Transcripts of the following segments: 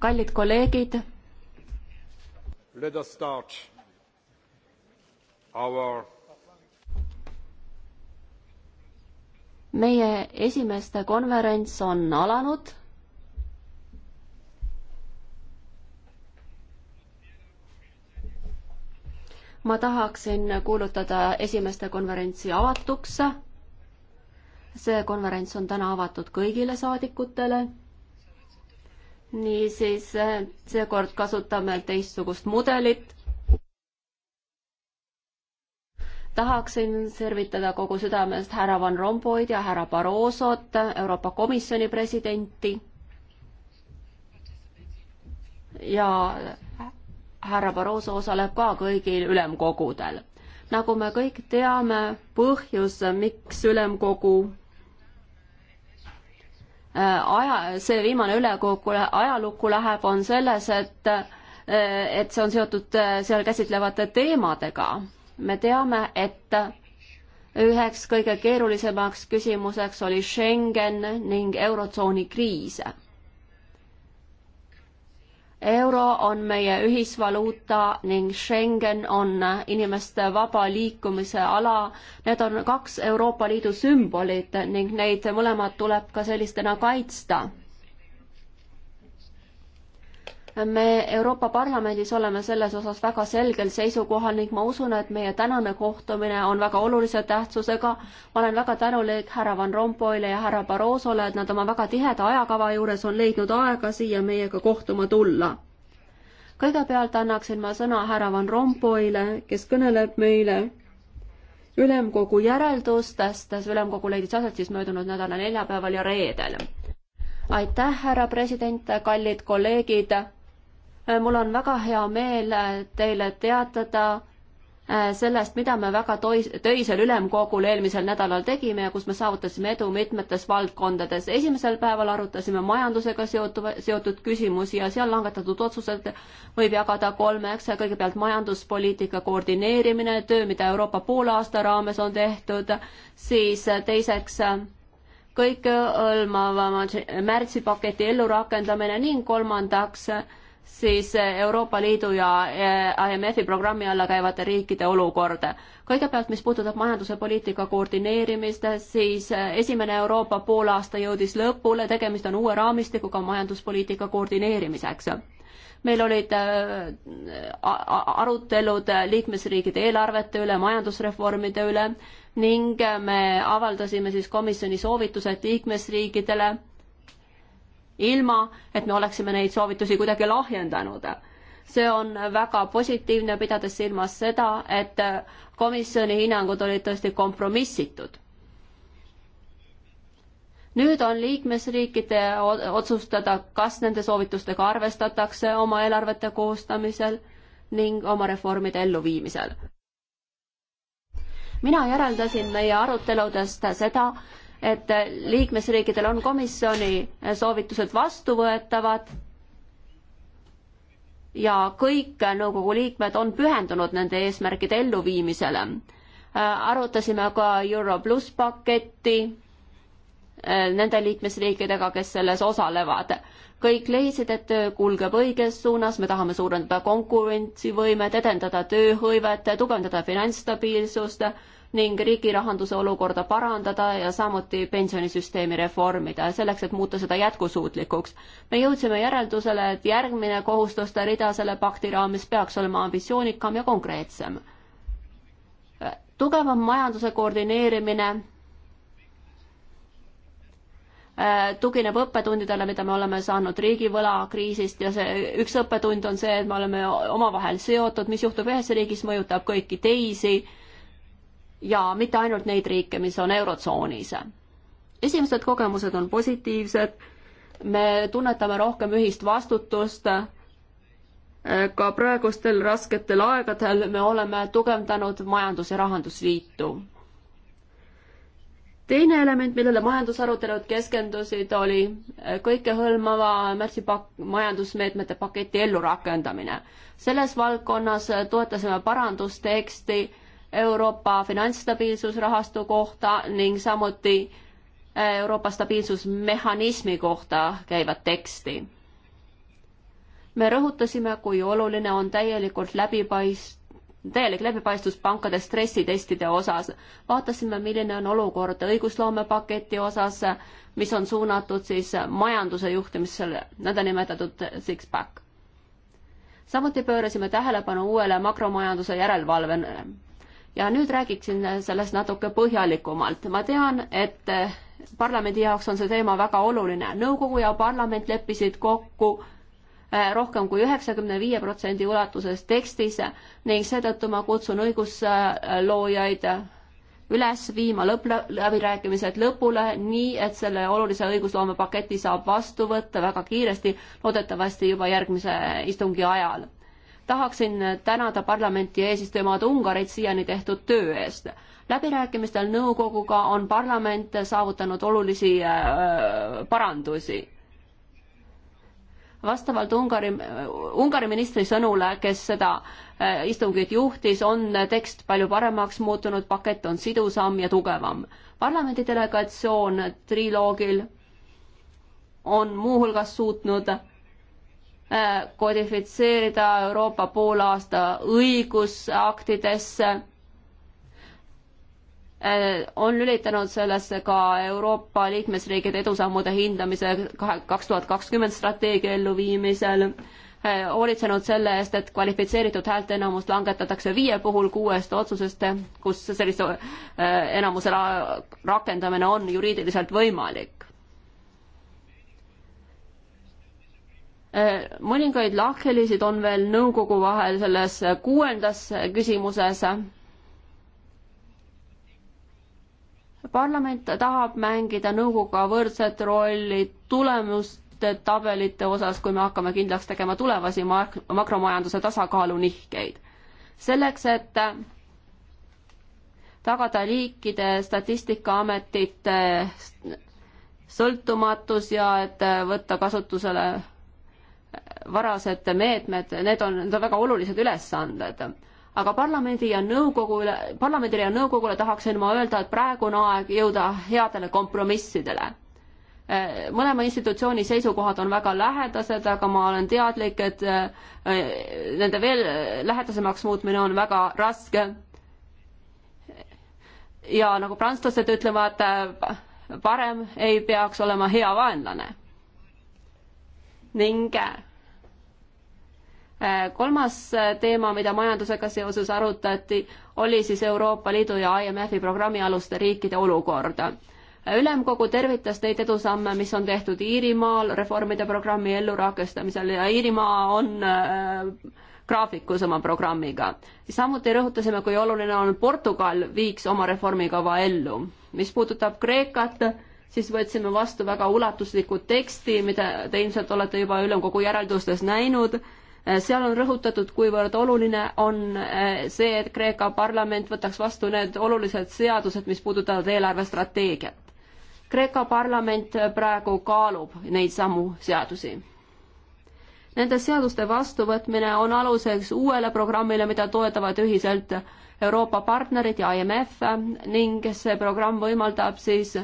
kallid kolleegid our... meie esimeste konverents on alanud ma tahaksin kuulutada esimeste konverentsi avatuks see konverents on täna avatud kõigile saadikutele niisiis eh, seekord kasutame teistsugust mudelit. tahaksin servitada kogu südamest härra Van Rompuyd ja härra Barrosot, Euroopa Komisjoni presidenti ja härra Barroso osaleb ka kõigil ülemkogudel. nagu me kõik teame, põhjus, miks ülemkogu Äh, aja, see viimane ülekogu ajalukku läheb, on selles, et äh, et see on seotud äh, seal käsitlevate teemadega. me teame, et üheks kõige keerulisemaks küsimuseks oli Schengen ning Eurotsooni kriis euro on meie ühisvaluuta ning Schengen on inimeste vaba liikumise ala. Need on kaks Euroopa Liidu sümbolit ning neid mõlemad tuleb ka sellistena kaitsta me Euroopa Parlamendis oleme selles osas väga selgel seisukohal ning ma usun, et meie tänane kohtumine on väga olulise tähtsusega. ma olen väga tänulik härra Van Rompuyle ja härra Barrosole, et nad oma väga tiheda ajakava juures on leidnud aega siia meiega kohtuma tulla. kõigepealt annaksin ma sõna härra Van Rompuyle, kes kõneleb meile ülemkogu järeldustest, ülemkogu leidis aset siis möödunud nädala neljapäeval ja reedel. aitäh, härra president, kallid kolleegid mul on väga hea meel teile teatada äh, sellest, mida me väga tois-, töisel ülemkogul eelmisel nädalal tegime ja kus me saavutasime edu mitmetes valdkondades. esimesel päeval arutasime majandusega seotu-, seotud küsimusi ja seal langetatud otsused võib jagada kolmeks. kõigepealt majanduspoliitika koordineerimine, töö, mida Euroopa poolaasta raames on tehtud, siis äh, teiseks äh, kõikehõlmava märtsipaketi ellurakendamine ning kolmandaks äh, siis eh, Euroopa Liidu ja IMF-i eh, programmi alla käivate riikide olukord. kõigepealt, mis puudutab majanduse poliitika koordineerimist, siis eh, esimene Euroopa poolaasta jõudis lõpule, tegemist on uue raamistikuga majanduspoliitika koordineerimiseks. meil olid arutelud liikmesriikide eelarvete üle, majandusreformide üle ning me avaldasime siis komisjoni soovitused liikmesriikidele ilma et me oleksime neid soovitusi kuidagi lahjendanud. see on väga positiivne, pidades silmas seda, et komisjoni hinnangud olid tõesti kompromissitud. nüüd on liikmesriikide otsustada, kas nende soovitustega arvestatakse oma eelarvete koostamisel ning oma reformide elluviimisel mina järeldasin meie aruteludest seda, et liikmesriikidel on komisjoni soovitused vastuvõetavad ja kõik nõukogu liikmed on pühendunud nende eesmärkide elluviimisele. arutasime ka Euro pluss paketti eh, nende liikmesriikidega, kes selles osalevad. kõik leidsid, et töö kulgeb õiges suunas, me tahame suurendada konkurentsivõimet, edendada tööhõivet, tugevdada finantsstabiilsust ning riigi rahanduse olukorda parandada ja samuti pensionisüsteemi reformida, selleks et muuta seda jätkusuutlikuks. me jõudsime järeldusele, et järgmine kohustuste rida selle pakti raames peaks olema ambitsioonikam ja konkreetsem. tugevam majanduse koordineerimine tugineb õppetundidele, mida me oleme saanud riigivõlakriisist ja see üks õppetund on see, et me oleme omavahel seotud, mis juhtub ühes riigis, mõjutab kõiki teisi ja mitte ainult neid riike, mis on Eurotsoonis. esimesed kogemused on positiivsed, me tunnetame rohkem ühist vastutust, ka praegustel rasketel aegadel me oleme tugevdanud Majandus- ja Rahandusliitu. teine element, millele majandusarutelud keskendusid, oli kõikehõlmava märtsipak-, majandusmeetmete paketi ellurakendamine. selles valdkonnas toetasime parandusteksti, Euroopa finantsstabiilsusrahastu kohta ning samuti äh, Euroopa stabiilsusmehhanismi kohta käivat teksti. me rõhutasime, kui oluline on täielikult läbipaist-, täielik läbipaistvus pankade stressitestide osas. vaatasime, milline on olukord õigusloomepaketi osas, mis on suunatud siis majanduse juhtimisele, nõndanimetatud six-pack. samuti pöörasime tähelepanu uuele makromajanduse järelevalvele ja nüüd räägiksin sellest natuke põhjalikumalt. ma tean, et parlamendi jaoks on see teema väga oluline. nõukogu ja parlament leppisid kokku eh, rohkem kui üheksakümne viie protsendi ulatuses tekstis ning seetõttu ma kutsun õigusloojaid üles viima lõpp, läbirääkimised lõpule, nii et selle olulise õigusloomepaketi saab vastu võtta väga kiiresti, loodetavasti juba järgmise istungi ajal tahaksin tänada parlamenti eesistujamaad Ungarit siiani tehtud töö eest. läbirääkimistel nõukoguga on parlament saavutanud olulisi äh, parandusi. vastavalt Ungari, Ungari ministri sõnule, kes seda äh, istungit juhtis, on tekst palju paremaks muutunud, pakett on sidusam ja tugevam. parlamendi delegatsioon triloogil on muuhulgas suutnud Äh, kodifitseerida Euroopa poolaasta õigusaktidesse. Äh, on lülitanud sellesse ka Euroopa liikmesriikide edusammude hindamise kahe, kaks tuhat kakskümmend strateegia elluviimisel, äh, hoolitsenud selle eest, et kvalifitseeritud häälteenamust langetatakse viie puhul kuuest otsusest, kus sellise enamuse rakendamine on juriidiliselt võimalik Äh, mõningaid lahkhelisid on veel nõukogu vahel selles kuuendas küsimuses. parlament tahab mängida nõukoguga võrdset rolli tulemuste tabelite osas, kui me hakkame kindlaks tegema tulevasi mak-, makromajanduse tasakaalu nihkeid. selleks, et tagada riikide statistikaametite sõltumatus ja et võtta kasutusele varased meetmed, need on, need on väga olulised ülesanded. aga parlamendi ja nõukogule, parlamendile ja nõukogule tahaksin ma öelda, et praegu on aeg jõuda headele kompromissidele. mõlema institutsiooni seisukohad on väga lähedased, aga ma olen teadlik, et eh, nende veel lähedasemaks muutmine on väga raske. ja nagu prantslased ütlevad, parem ei peaks olema hea vaenlane ning äh, kolmas teema, mida majandusega seoses arutati, oli siis Euroopa Liidu ja IMF-i programmi aluste riikide olukord. ülemkogu tervitas neid edusamme, mis on tehtud Iirimaal reformide programmi ellurakestamisel ja Iirimaa on äh, graafikus oma programmiga. samuti rõhutasime, kui oluline on Portugal viiks oma reformikava ellu. mis puudutab Kreekat, siis võtsime vastu väga ulatusliku teksti, mida te ilmselt olete juba ülemkogu järeldustes näinud. seal on rõhutatud, kuivõrd oluline on eh, see, et Kreeka parlament võtaks vastu need olulised seadused, mis puudutavad eelarvestrateegiat. Kreeka parlament praegu kaalub neid samu seadusi. Nende seaduste vastuvõtmine on aluseks uuele programmile, mida toetavad ühiselt Euroopa partnerid ja IMF ning see programm võimaldab siis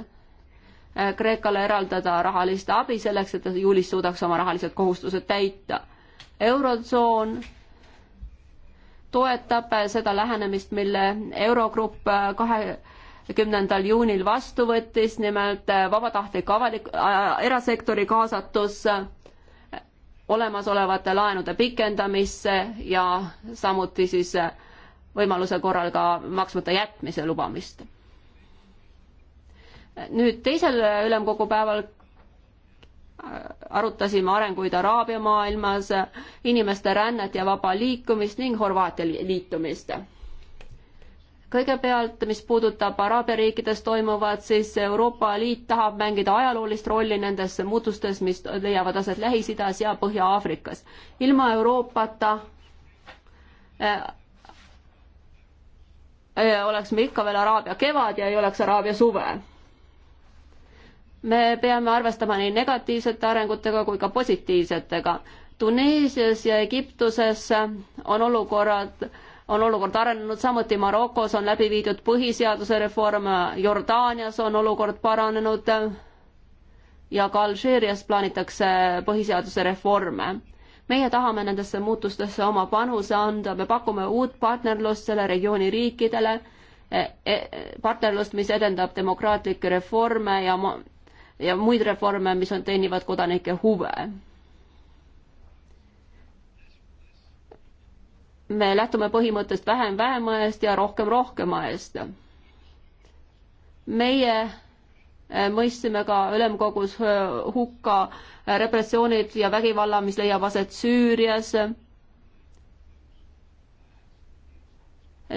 Äh, Kreekale eraldada rahalist abi selleks, et ta juulis suudaks oma rahalised kohustused täita. eurotsoon toetab äh, seda lähenemist, mille Eurogrupp äh, kahekümnendal juunil vastu võttis, nimelt vabatahtlik avalik äh,, erasektori kaasatus olemasolevate laenude pikendamisse ja samuti siis võimaluse korral ka maksmata jätmise lubamist nüüd teisel ülemkogu päeval äh, arutasime arenguid Araabia maailmas, inimeste rännet ja vaba liikumist ning Horvaatia liitumist. kõigepealt, mis puudutab Araabia riikides toimuvat, siis Euroopa Liit tahab mängida ajaloolist rolli nendes muutustes, mis leiavad aset Lähis-Idas ja Põhja-Aafrikas. ilma Euroopata äh, äh oleks me ikka veel Araabia kevad ja ei oleks Araabia suve me peame arvestama nii negatiivsete arengutega kui ka positiivsetega. Tuneesias ja Egiptuses on olukorrad, on olukord arenenud, samuti Marokos on läbi viidud põhiseaduse reform, Jordaanias on olukord paranenud ja ka Alžeerias plaanitakse põhiseaduse reforme. meie tahame nendesse muutustesse oma panuse anda, me pakume uut partnerlust selle regiooni riikidele e, e, partnerlust, mis edendab demokraatlikke reforme ja ja muid reforme, mis on, teenivad kodanike huve. me lähtume põhimõttest vähem vähema eest ja rohkem rohkema eest. meie eh, mõistsime ka ülemkogus eh, hukka repressioonid ja vägivalla, mis leiab aset Süürias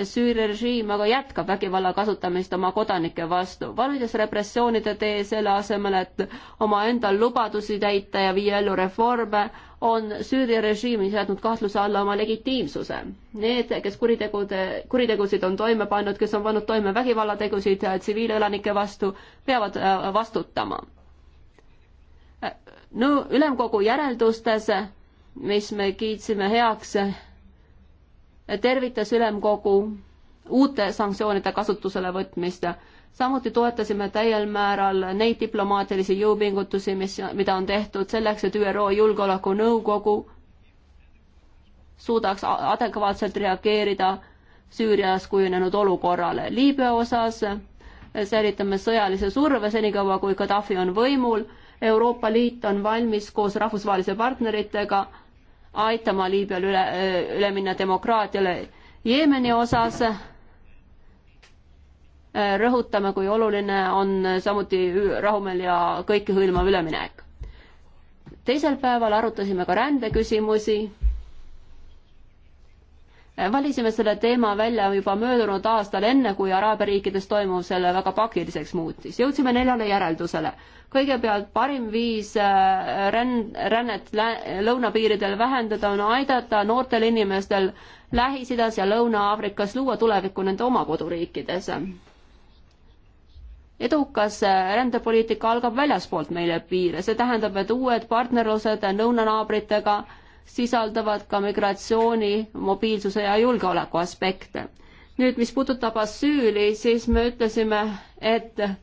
Süüria režiim aga jätkab vägivalla kasutamist oma kodanike vastu, valides repressioonide tee selle asemel, et omaendal lubadusi täita ja viia ellu reforme, on Süüria režiim seadnud kahtluse alla oma legitiimsuse. Need, kes kuritegude, kuritegusid on toime pannud, kes on pannud toime vägivallategusid tsiviilelanike vastu, peavad äh, vastutama. Äh, no ülemkogu järeldustes, mis me kiitsime heaks tervitas ülemkogu uute sanktsioonide kasutusele võtmist. samuti toetasime täiel määral neid diplomaatilisi jõupingutusi, mis, mida on tehtud selleks, et ÜRO Julgeolekunõukogu suudaks adekvaatselt reageerida Süürias kujunenud olukorrale. Liibüa osas säilitame sõjalise surve senikaua, kui Gaddafi on võimul. Euroopa Liit on valmis koos rahvusvahelise partneritega aitama Liibüal üle, üle minna demokraatiale. Jeemeni osas äh, rõhutame, kui oluline on samuti rahumeel ja kõikehõlmav üleminek. teisel päeval arutasime ka rändeküsimusi valisime selle teema välja juba möödunud aastal, enne kui Araabia riikides toimuv selle väga pakiliseks muutis. jõudsime neljale järeldusele. kõigepealt parim viis äh, ränd, rännet lõunapiiridel vähendada on aidata noortel inimestel Lähis-Idas ja Lõuna-Aafrikas luua tulevikku nende oma koduriikides. edukas äh, rändepoliitika algab väljaspoolt meile piire, see tähendab, et uued partnerlused lõunanaabritega sisaldavad ka migratsiooni, mobiilsuse ja julgeoleku aspekte. nüüd, mis puudutab asüüli, siis me ütlesime, et äh,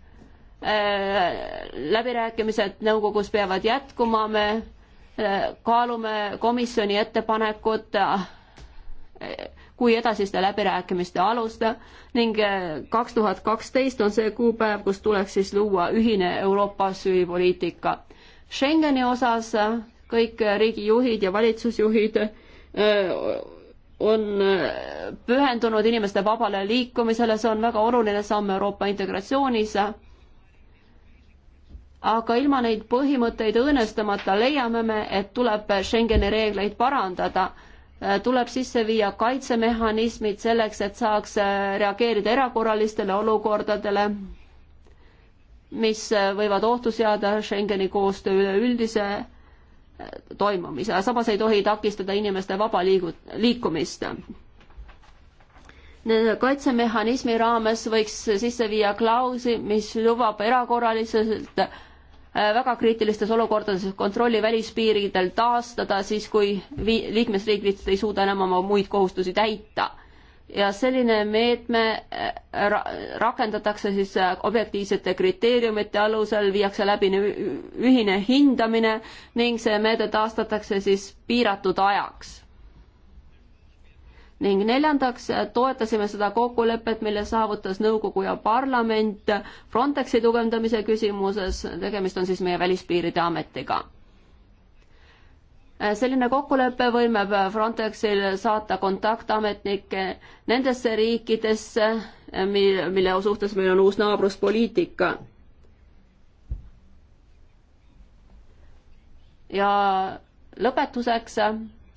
läbirääkimised nõukogus peavad jätkuma, me äh, kaalume komisjoni ettepanekut äh, kui edasiste läbirääkimiste alusta ning äh, kaks tuhat kaksteist on see kuupäev, kus tuleks siis luua ühine Euroopa süüpoliitika. Schengeni osas äh, kõik riigijuhid ja valitsusjuhid äh, on äh, pühendunud inimeste vabale liikumisele, see on väga oluline samm Euroopa integratsioonis. aga ilma neid põhimõtteid õõnestamata leiame me, et tuleb Schengeni reegleid parandada, äh, tuleb sisse viia kaitsemehhanismid selleks, et saaks reageerida erakorralistele olukordadele, mis võivad ohtu seada Schengeni koostöö üleüldise toimumise, samas ei tohi takistada inimeste vaba liigu-, liikumist. kaitsemehhanismi raames võiks sisse viia klausi, mis lubab erakorraliselt äh, väga kriitilistes olukordades kontrolli välispiiridel taastada siis, kui vi-, liikmesriigid ei suuda enam oma muid kohustusi täita ja selline meetme äh, ra rakendatakse siis äh, objektiivsete kriteeriumite alusel, viiakse läbi ühine hindamine ning see meede taastatakse siis piiratud ajaks. ning neljandaks äh, toetasime seda kokkulepet, mille saavutas nõukogu ja parlament Frontexi tugevdamise küsimuses, tegemist on siis meie välispiiride ametiga Äh, selline kokkulepe võimeb äh, Frontexil saata kontaktametnikke nendesse riikidesse, äh, mille, mille suhtes meil on uus naabruspoliitika. ja lõpetuseks,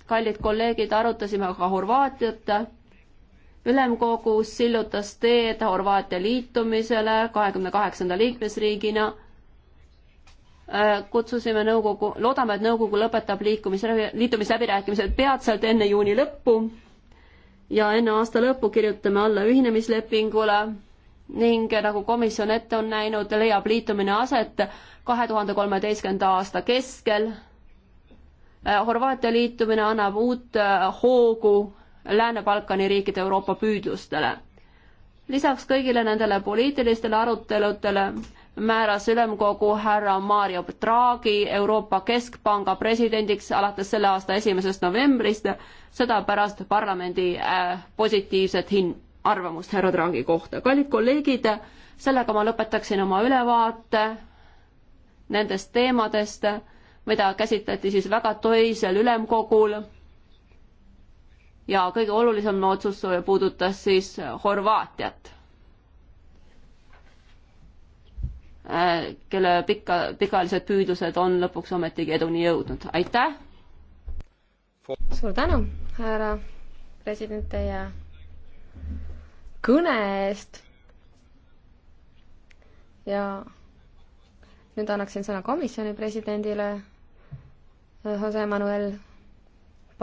kallid kolleegid, arutasime ka Horvaatiat. ülemkogus sillutas teed Horvaatia liitumisele kahekümne kaheksanda liikmesriigina Äh, kutsusime nõukogu, loodame, et nõukogu lõpetab liikumis, liitumisläbirääkimised peatselt enne juuni lõppu ja enne aasta lõppu kirjutame alla ühinemislepingule ning nagu komisjon ette on näinud, leiab liitumine aset kahe tuhande kolmeteistkümnenda aasta keskel. Äh, Horvaatia liitumine annab uut äh, hoogu Lääne-Balkani riikide Euroopa püüdlustele lisaks kõigile nendele poliitilistele aruteludele määras ülemkogu härra Mario Draghi Euroopa Keskpanga presidendiks alates selle aasta esimesest novembrist, seda pärast parlamendi äh, positiivset hin-, arvamust härra Draghi kohta. kallid kolleegid, sellega ma lõpetaksin oma ülevaate nendest teemadest, mida käsitleti siis väga töisel ülemkogul ja kõige olulisem otsus puudutas siis Horvaatiat Äh, kelle pikka, pikaajalised püüdlused on lõpuks ometigi eduni jõudnud. aitäh! suur tänu, härra president, teie kõne eest ja nüüd annaksin sõna komisjoni presidendile äh, Jose Manuel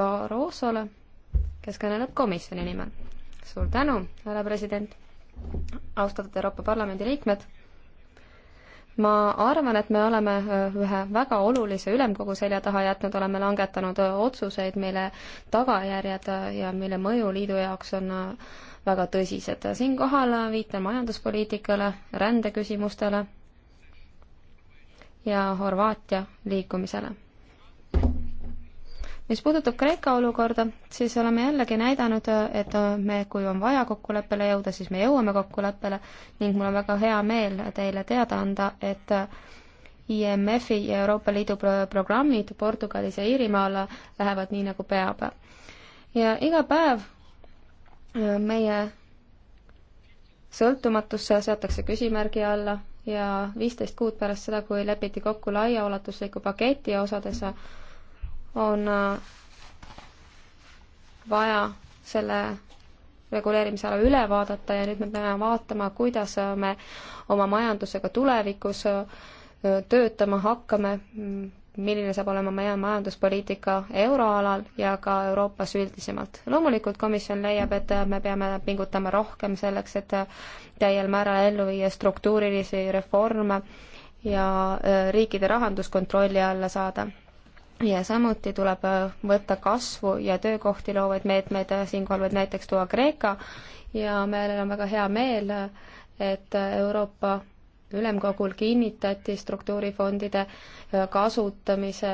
Barrosole, kes kõneleb komisjoni nimel. suur tänu, härra president, austatud Euroopa Parlamendi liikmed ma arvan, et me oleme äh, ühe väga olulise ülemkogu selja taha jätnud, oleme langetanud äh, otsuseid, mille tagajärjed äh, ja mille mõju liidu jaoks on väga tõsised. siinkohal viitan majanduspoliitikale, rändeküsimustele ja Horvaatia liikumisele mis puudutab Kreeka olukorda, siis oleme jällegi näidanud, et me, kui on vaja kokkuleppele jõuda, siis me jõuame kokkuleppele ning mul on väga hea meel teile teada anda, et IMF-i ja Euroopa Liidu pro programmid Portugalis ja Iirimaal lähevad nii, nagu peab. ja iga päev äh, meie sõltumatusse seatakse küsimärgi alla ja viisteist kuud pärast seda, kui lepiti kokku laiaulatusliku paketi osades, on äh, vaja selle reguleerimisala üle vaadata ja nüüd me peame vaatama, kuidas me oma majandusega tulevikus äh, töötama hakkame, milline saab olema meie majanduspoliitika euroalal ja ka Euroopas üldisemalt. loomulikult komisjon leiab, et me peame pingutama rohkem selleks, et täiel määral ellu viia struktuurilisi reforme ja äh, riikide rahanduskontrolli alla saada ja samuti tuleb äh, võtta kasvu ja töökohti loovaid meetmeid, äh, siinkohal võib näiteks tuua Kreeka ja meil on väga hea meel, äh, et Euroopa Ülemkogul kinnitati struktuurifondide kasutamise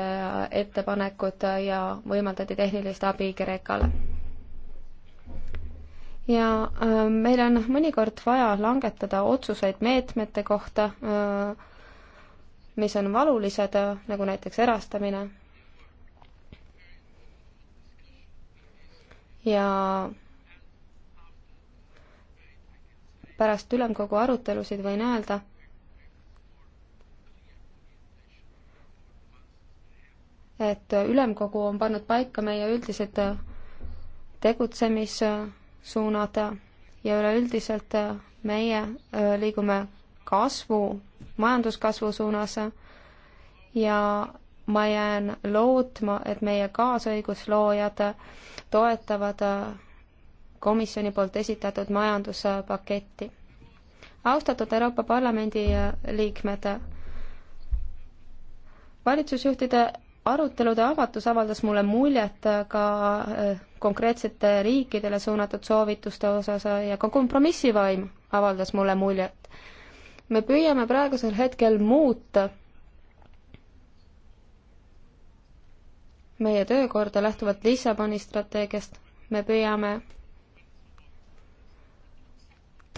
ettepanekud ja võimaldati tehnilist abi Kreekale. ja meil on mõnikord vaja langetada otsuseid meetmete kohta, mis on valulised, nagu näiteks erastamine ja pärast ülemkogu arutelusid võin öelda, et ülemkogu on pannud paika meie üldised tegutsemissuunad ja üleüldiselt meie äh, liigume kasvu, majanduskasvu suunas ja ma jään lootma, et meie kaasõigusloojad toetavad komisjoni poolt esitatud majanduspaketti. austatud Euroopa Parlamendi liikmed, valitsusjuhtide arutelude avatus avaldas mulle muljet ka eh, konkreetsete riikidele suunatud soovituste osas ja ka kompromissivaim avaldas mulle muljet. me püüame praegusel hetkel muuta meie töökorda lähtuvalt Lissaboni strateegiast me püüame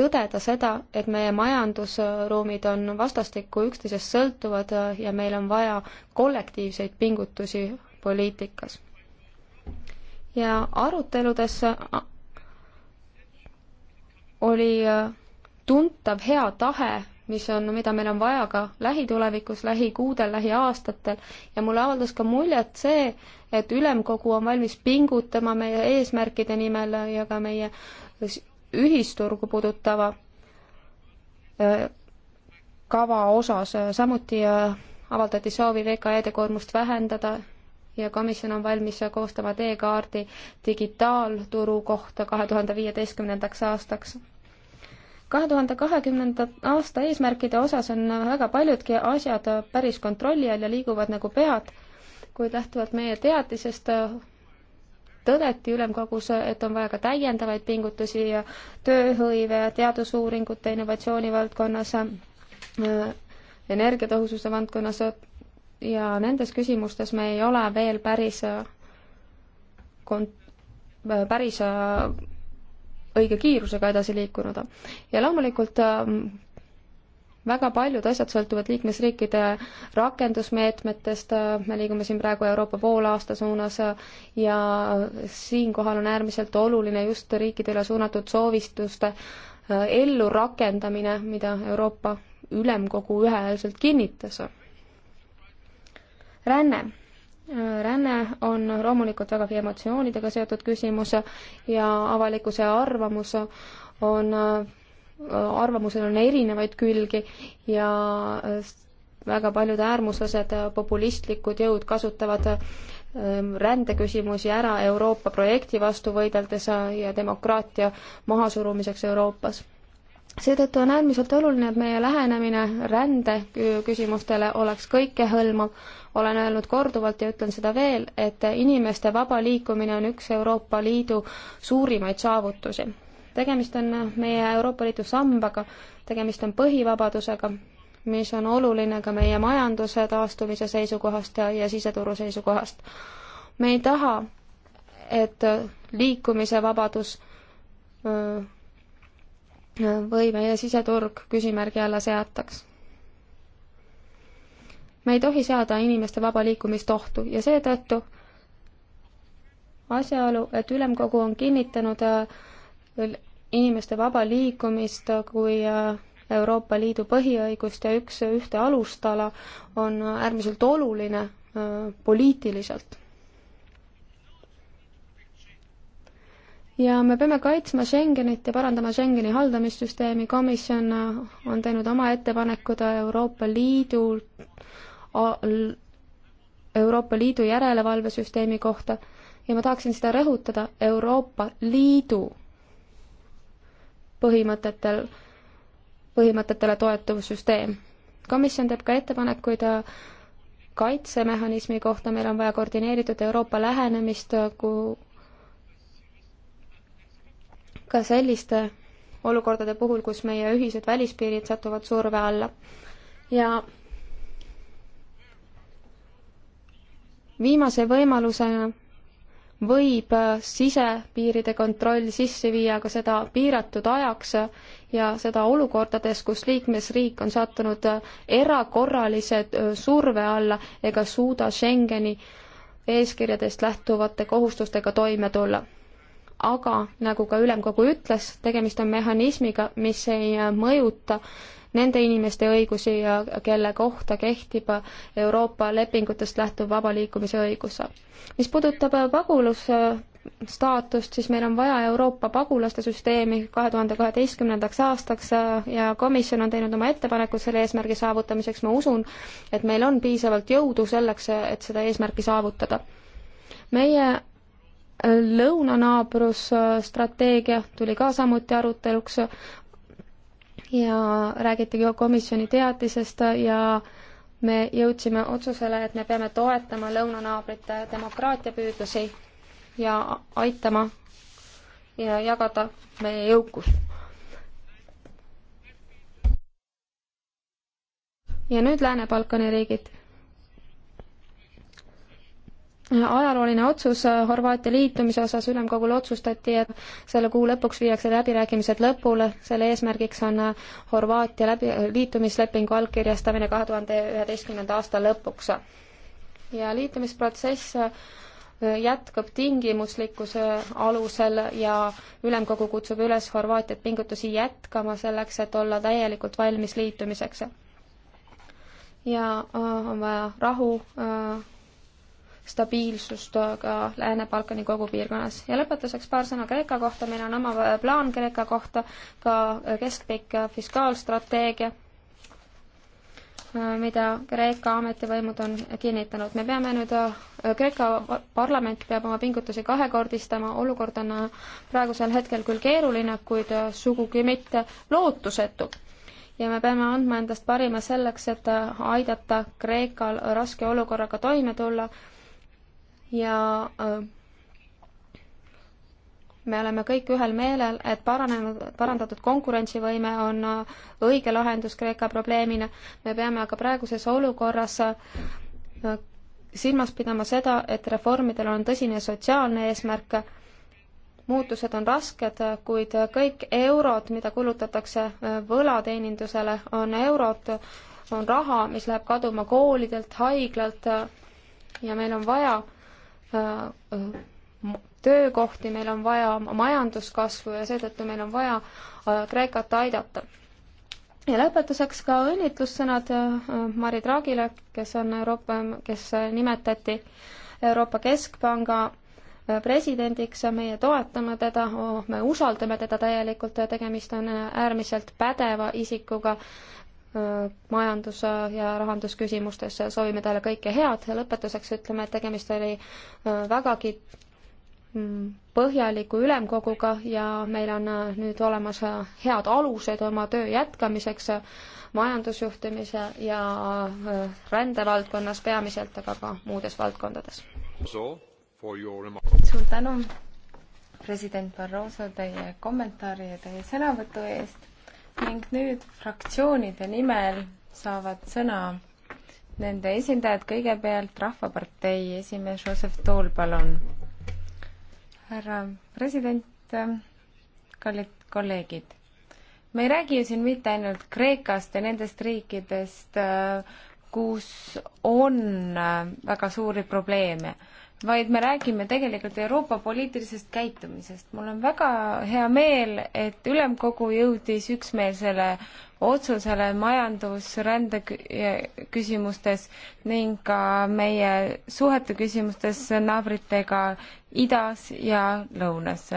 tõdeda seda, et meie majandusruumid on vastastikku üksteisest sõltuvad ja meil on vaja kollektiivseid pingutusi poliitikas. ja aruteludes oli tuntav hea tahe mis on, mida meil on vaja ka lähitulevikus, lähikuudel, lähiaastatel ja mulle avaldas ka muljet see, et ülemkogu on valmis pingutama meie eesmärkide nimel ja ka meie ühisturgu puudutava kava osas, samuti avaldati soovi VKE-de koormust vähendada ja komisjon on valmis koostama teekaardi digitaalturu kohta kahe tuhande viieteistkümnendaks aastaks kahe tuhande kahekümnenda aasta eesmärkide osas on väga paljudki asjad päris kontrolli all ja liiguvad nagu pead, kuid lähtuvalt meie teadisest äh, tõdeti ülemkogus, et on vaja ka täiendavaid pingutusi tööhõive, teadusuuringute, innovatsiooni valdkonnas, äh, energiatõhususe valdkonnas ja nendes küsimustes me ei ole veel päris äh, kon-, päris õige kiirusega edasi liikunud. ja loomulikult ähm, väga paljud asjad sõltuvad liikmesriikide rakendusmeetmetest, äh, me liigume siin praegu Euroopa poolaasta suunas äh, ja äh, siinkohal on äärmiselt oluline just riikidele suunatud soovistuste ellurakendamine, mida Euroopa Ülemkogu ühehäälselt kinnitas. ränne ränne on loomulikult vägagi emotsioonidega seotud küsimus ja avalikkuse arvamus on, arvamusel on erinevaid külgi ja väga paljud äärmuslased, populistlikud jõud kasutavad ähm, rändeküsimusi ära Euroopa projekti vastu võideldes ja demokraatia mahasurumiseks Euroopas. seetõttu on äärmiselt oluline, et meie lähenemine rände küsimustele oleks kõikehõlmav olen öelnud korduvalt ja ütlen seda veel, et inimeste vaba liikumine on üks Euroopa Liidu suurimaid saavutusi. tegemist on meie Euroopa Liidu sambaga, tegemist on põhivabadusega, mis on oluline ka meie majanduse taastumise seisukohast ja, ja siseturu seisukohast. me ei taha, et liikumise vabadus öö, või meie siseturg küsimärgi alla seataks me ei tohi seada inimeste vaba liikumist ohtu ja seetõttu asjaolu, et ülemkogu on kinnitanud äh, inimeste vaba liikumist kui äh, Euroopa Liidu põhiõigust ja üks ühte alustala on äärmiselt oluline äh, poliitiliselt. ja me peame kaitsma Schengenit ja parandama Schengeni haldamissüsteemi, komisjon on teinud oma ettepanekud Euroopa Liidult Euroopa Liidu järelevalvesüsteemi kohta ja ma tahaksin seda rõhutada Euroopa Liidu põhimõtetel, põhimõtetele toetuv süsteem. komisjon teeb ka ettepanekuid kaitsemehhanismi kohta, meil on vaja koordineeritud Euroopa lähenemist, kui ka selliste olukordade puhul, kus meie ühised välispiirid satuvad surve alla. ja viimase võimalusena võib äh, sisepiiride kontroll sisse viia ka seda piiratud ajaks ja seda olukordades, kus liikmesriik on sattunud äh, erakorralise äh, surve alla ega suuda Schengeni eeskirjadest lähtuvate kohustustega toime tulla. aga nagu ka ülemkogu ütles, tegemist on mehhanismiga, mis ei mõjuta nende inimeste õigusi, kelle kohta kehtib Euroopa lepingutest lähtuv vaba liikumise õigus. mis puudutab pagulus staatust, siis meil on vaja Euroopa pagulaste süsteemi kahe tuhande kaheteistkümnendaks aastaks ja komisjon on teinud oma ettepanekud selle eesmärgi saavutamiseks, ma usun, et meil on piisavalt jõudu selleks, et seda eesmärki saavutada. meie lõunanaabrusstrateegia tuli ka samuti aruteluks, ja räägiti ka komisjoni teatisest ja me jõudsime otsusele, et me peame toetama lõunanaabrite demokraatiapüüdlusi ja aitama ja jagada meie jõukust. ja nüüd Lääne-Balkani riigid ajalooline otsus äh, Horvaatia liitumise osas ülemkogul otsustati, et selle kuu lõpuks viiakse läbirääkimised lõpule, selle eesmärgiks on äh, Horvaatia läbi, liitumislepingu allkirjastamine kahe tuhande üheteistkümnenda aasta lõpuks. ja liitumisprotsess äh, jätkab tingimuslikkuse alusel ja ülemkogu kutsub üles Horvaatiat pingutusi jätkama selleks, et olla täielikult valmis liitumiseks. ja on vaja rahu stabiilsust ka Lääne-Balkani kogupiirkonnas. ja lõpetuseks paar sõna Kreeka kohta, meil on oma plaan Kreeka kohta, ka keskpikk fiskaalstrateegia, mida Kreeka ametivõimud on kinnitanud. me peame nüüd, Kreeka parlament peab oma pingutusi kahekordistama, olukord on praegusel hetkel küll keeruline, kuid sugugi mitte lootusetu ja me peame andma endast parima selleks, et aidata Kreekal raske olukorraga toime tulla ja äh, me oleme kõik ühel meelel, et paranenud, parandatud konkurentsivõime on äh, õige lahendus Kreeka probleemina. me peame aga praeguses olukorras äh, silmas pidama seda, et reformidel on tõsine sotsiaalne eesmärk. muutused on rasked, kuid kõik eurod, mida kulutatakse võlateenindusele, on eurod, on raha, mis läheb kaduma koolidelt, haiglalt ja meil on vaja Äh, äh, töökohti, meil on vaja majanduskasvu ja seetõttu meil on vaja äh, Kreekat aidata. ja lõpetuseks ka õnnitlussõnad Mari Draagile, kes on Euroopa, kes nimetati Euroopa Keskpanga presidendiks, meie toetame teda oh,, me usaldame teda täielikult ja tegemist on äärmiselt pädeva isikuga, majandus- ja rahandusküsimustes. soovime teile kõike head ja lõpetuseks ütleme, et tegemist oli vägagi mm, põhjaliku ülemkoguga ja meil on nüüd olemas head alused oma töö jätkamiseks majandusjuhtimise ja rändevaldkonnas peamiselt, aga ka muudes valdkondades. suur tänu, president Barroso, teie kommentaari ja teie sõnavõtu eest ning nüüd fraktsioonide nimel saavad sõna nende esindajad, kõigepealt Rahvapartei esimees Joosep Tool, palun. härra president, kallid kolleegid, me ei räägi ju siin mitte ainult Kreekast ja nendest riikidest, kus on väga suuri probleeme vaid me räägime tegelikult Euroopa poliitilisest käitumisest. mul on väga hea meel, et ülemkogu jõudis üksmeelsele otsusele majandusrände küsimustes ning ka meie suhete küsimustes naabritega idas ja lõunas.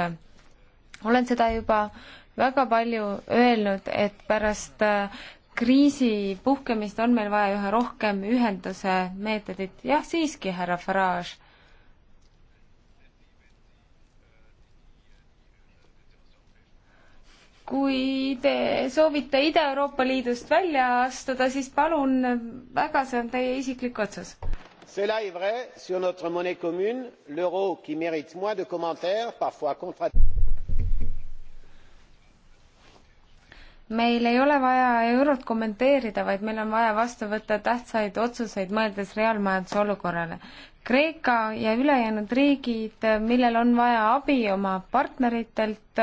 olen seda juba väga palju öelnud, et pärast äh, kriisi puhkemist on meil vaja üha rohkem ühenduse meetodit. jah, siiski, härra Farage kui te soovite Ida-Euroopa Liidust välja astuda, siis palun väga, see on teie isiklik otsus. Cela est vrai sur notre monnaie commune, l'euro qui mérite moins de commentaires, parfois contra- meil ei ole vaja eurot kommenteerida, vaid meil on vaja vastu võtta tähtsaid otsuseid, mõeldes reaalmajanduse olukorrale. Kreeka ja ülejäänud riigid, millel on vaja abi oma partneritelt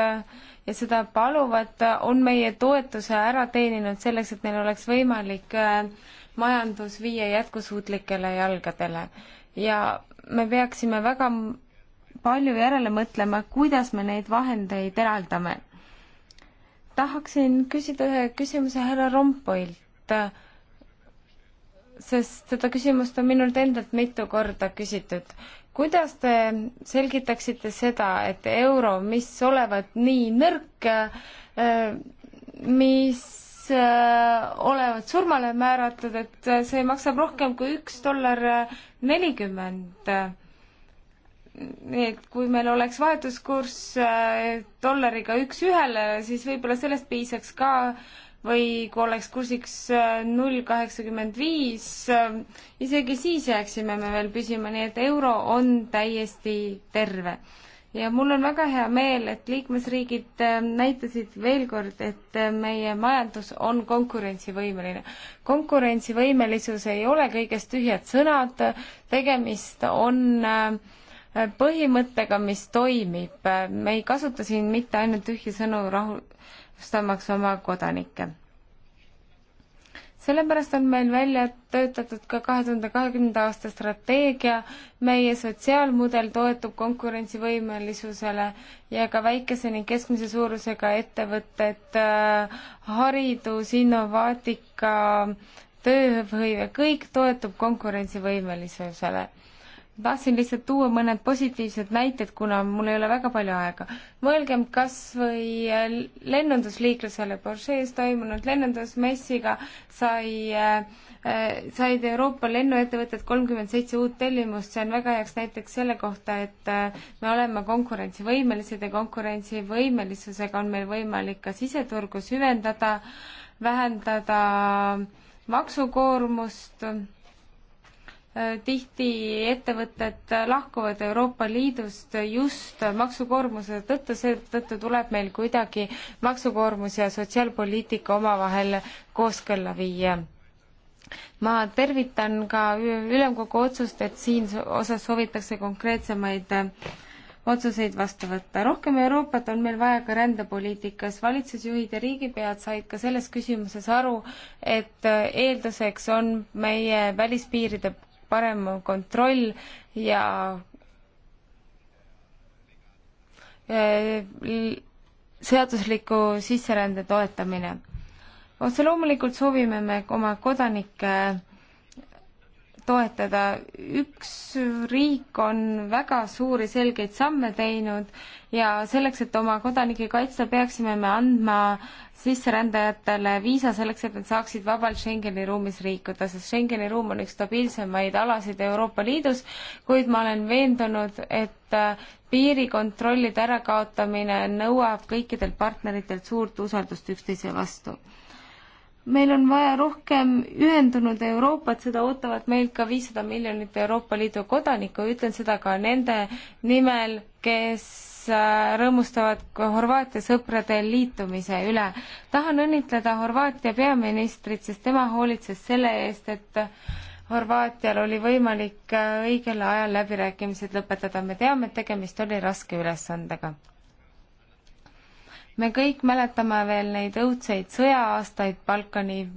ja seda paluvad, on meie toetuse ära teeninud selleks, et neil oleks võimalik äh, majandus viia jätkusuutlikele jalgadele. ja me peaksime väga palju järele mõtlema, kuidas me neid vahendeid eraldame. tahaksin küsida ühe küsimuse härra Rompoilt sest seda küsimust on minult endalt mitu korda küsitud. kuidas te selgitaksite seda, et euro, mis olevat nii nõrk, äh, mis äh, olevat surmale määratud, et see maksab rohkem kui üks dollar nelikümmend. nii et kui meil oleks vahetuskurss äh, dollariga üks ühele, siis võib-olla sellest piisaks ka või kui oleks kursiks äh, null kaheksakümmend viis, äh, isegi siis jääksime me veel püsima, nii et euro on täiesti terve. ja mul on väga hea meel, et liikmesriigid äh, näitasid veel kord, et meie majandus on konkurentsivõimeline. konkurentsivõimelisus ei ole kõigest tühjad sõnad, tegemist on äh, põhimõttega, mis toimib. me ei kasuta siin mitte ainult tühje sõnu rahu, austamaks oma kodanikke. sellepärast on meil välja töötatud ka kahe tuhande kahekümnenda aasta strateegia, meie sotsiaalmudel toetub konkurentsivõimelisusele ja ka väikese ning keskmise suurusega ettevõtted, äh, haridus, innovaatika, tööhõive, kõik toetub konkurentsivõimelisusele tahtsin lihtsalt tuua mõned positiivsed näited, kuna mul ei ole väga palju aega. mõelgem kas või äh, lennundusliiklusele, Borges toimunud lennundusmessiga sai äh, äh, said Euroopa lennuettevõtted kolmkümmend seitse uut tellimust, see on väga heaks näiteks selle kohta, et me oleme konkurentsivõimelised ja konkurentsivõimelisusega on meil võimalik ka siseturgu süvendada, vähendada maksukoormust Äh, tihti ettevõtted lahkuvad Euroopa Liidust just maksukoormuse tõttu, seetõttu tuleb meil kuidagi maksukoormus ja sotsiaalpoliitika omavahel kooskõlla viia. ma tervitan ka ülemkogu otsust, et siin osas soovitakse konkreetsemaid äh, otsuseid vastu võtta. rohkem Euroopat on meil vaja ka rändepoliitikas. valitsusjuhid ja riigipead said ka selles küsimuses aru, et äh, eelduseks on meie välispiiride parem kontroll ja seadusliku sisserände toetamine. otse loomulikult soovime me oma kodanike toetada. üks riik on väga suuri selgeid samme teinud ja selleks, et oma kodanikke kaitsta, peaksime me andma sisserändajatele viisa selleks, et nad saaksid vabalt Schengeni ruumis liikuda, sest Schengeni ruum on üks stabiilsemaid alasid Euroopa Liidus, kuid ma olen veendunud, et äh, piirikontrollide ärakaotamine nõuab kõikidelt partneritelt suurt usaldust üksteise vastu meil on vaja rohkem ühendunud Euroopat, seda ootavad meilt ka viissada miljonit Euroopa Liidu kodanikku, ütlen seda ka nende nimel, kes äh, rõõmustavad Horvaatia sõprade liitumise üle. tahan õnnitleda Horvaatia peaministrit, sest tema hoolitses selle eest, et Horvaatial oli võimalik äh, õigel ajal läbirääkimised lõpetada. me teame, et tegemist oli raske ülesandega me kõik mäletame veel neid õudseid sõja-aastaid Balkanil.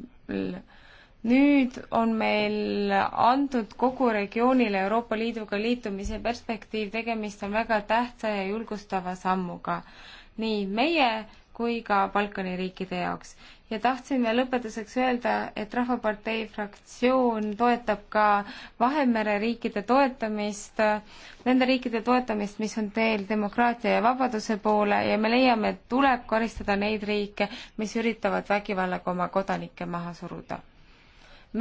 nüüd on meil antud kogu regioonile Euroopa Liiduga liitumise perspektiiv, tegemist on väga tähtsa ja julgustava sammuga. nii meie kui ka Balkani riikide jaoks. ja tahtsin veel lõpetuseks öelda, et Rahvapartei fraktsioon toetab ka Vahemere riikide toetamist, nende riikide toetamist, mis on teel demokraatia ja vabaduse poole ja me leiame, et tuleb karistada neid riike, mis üritavad vägivallaga oma kodanikke maha suruda.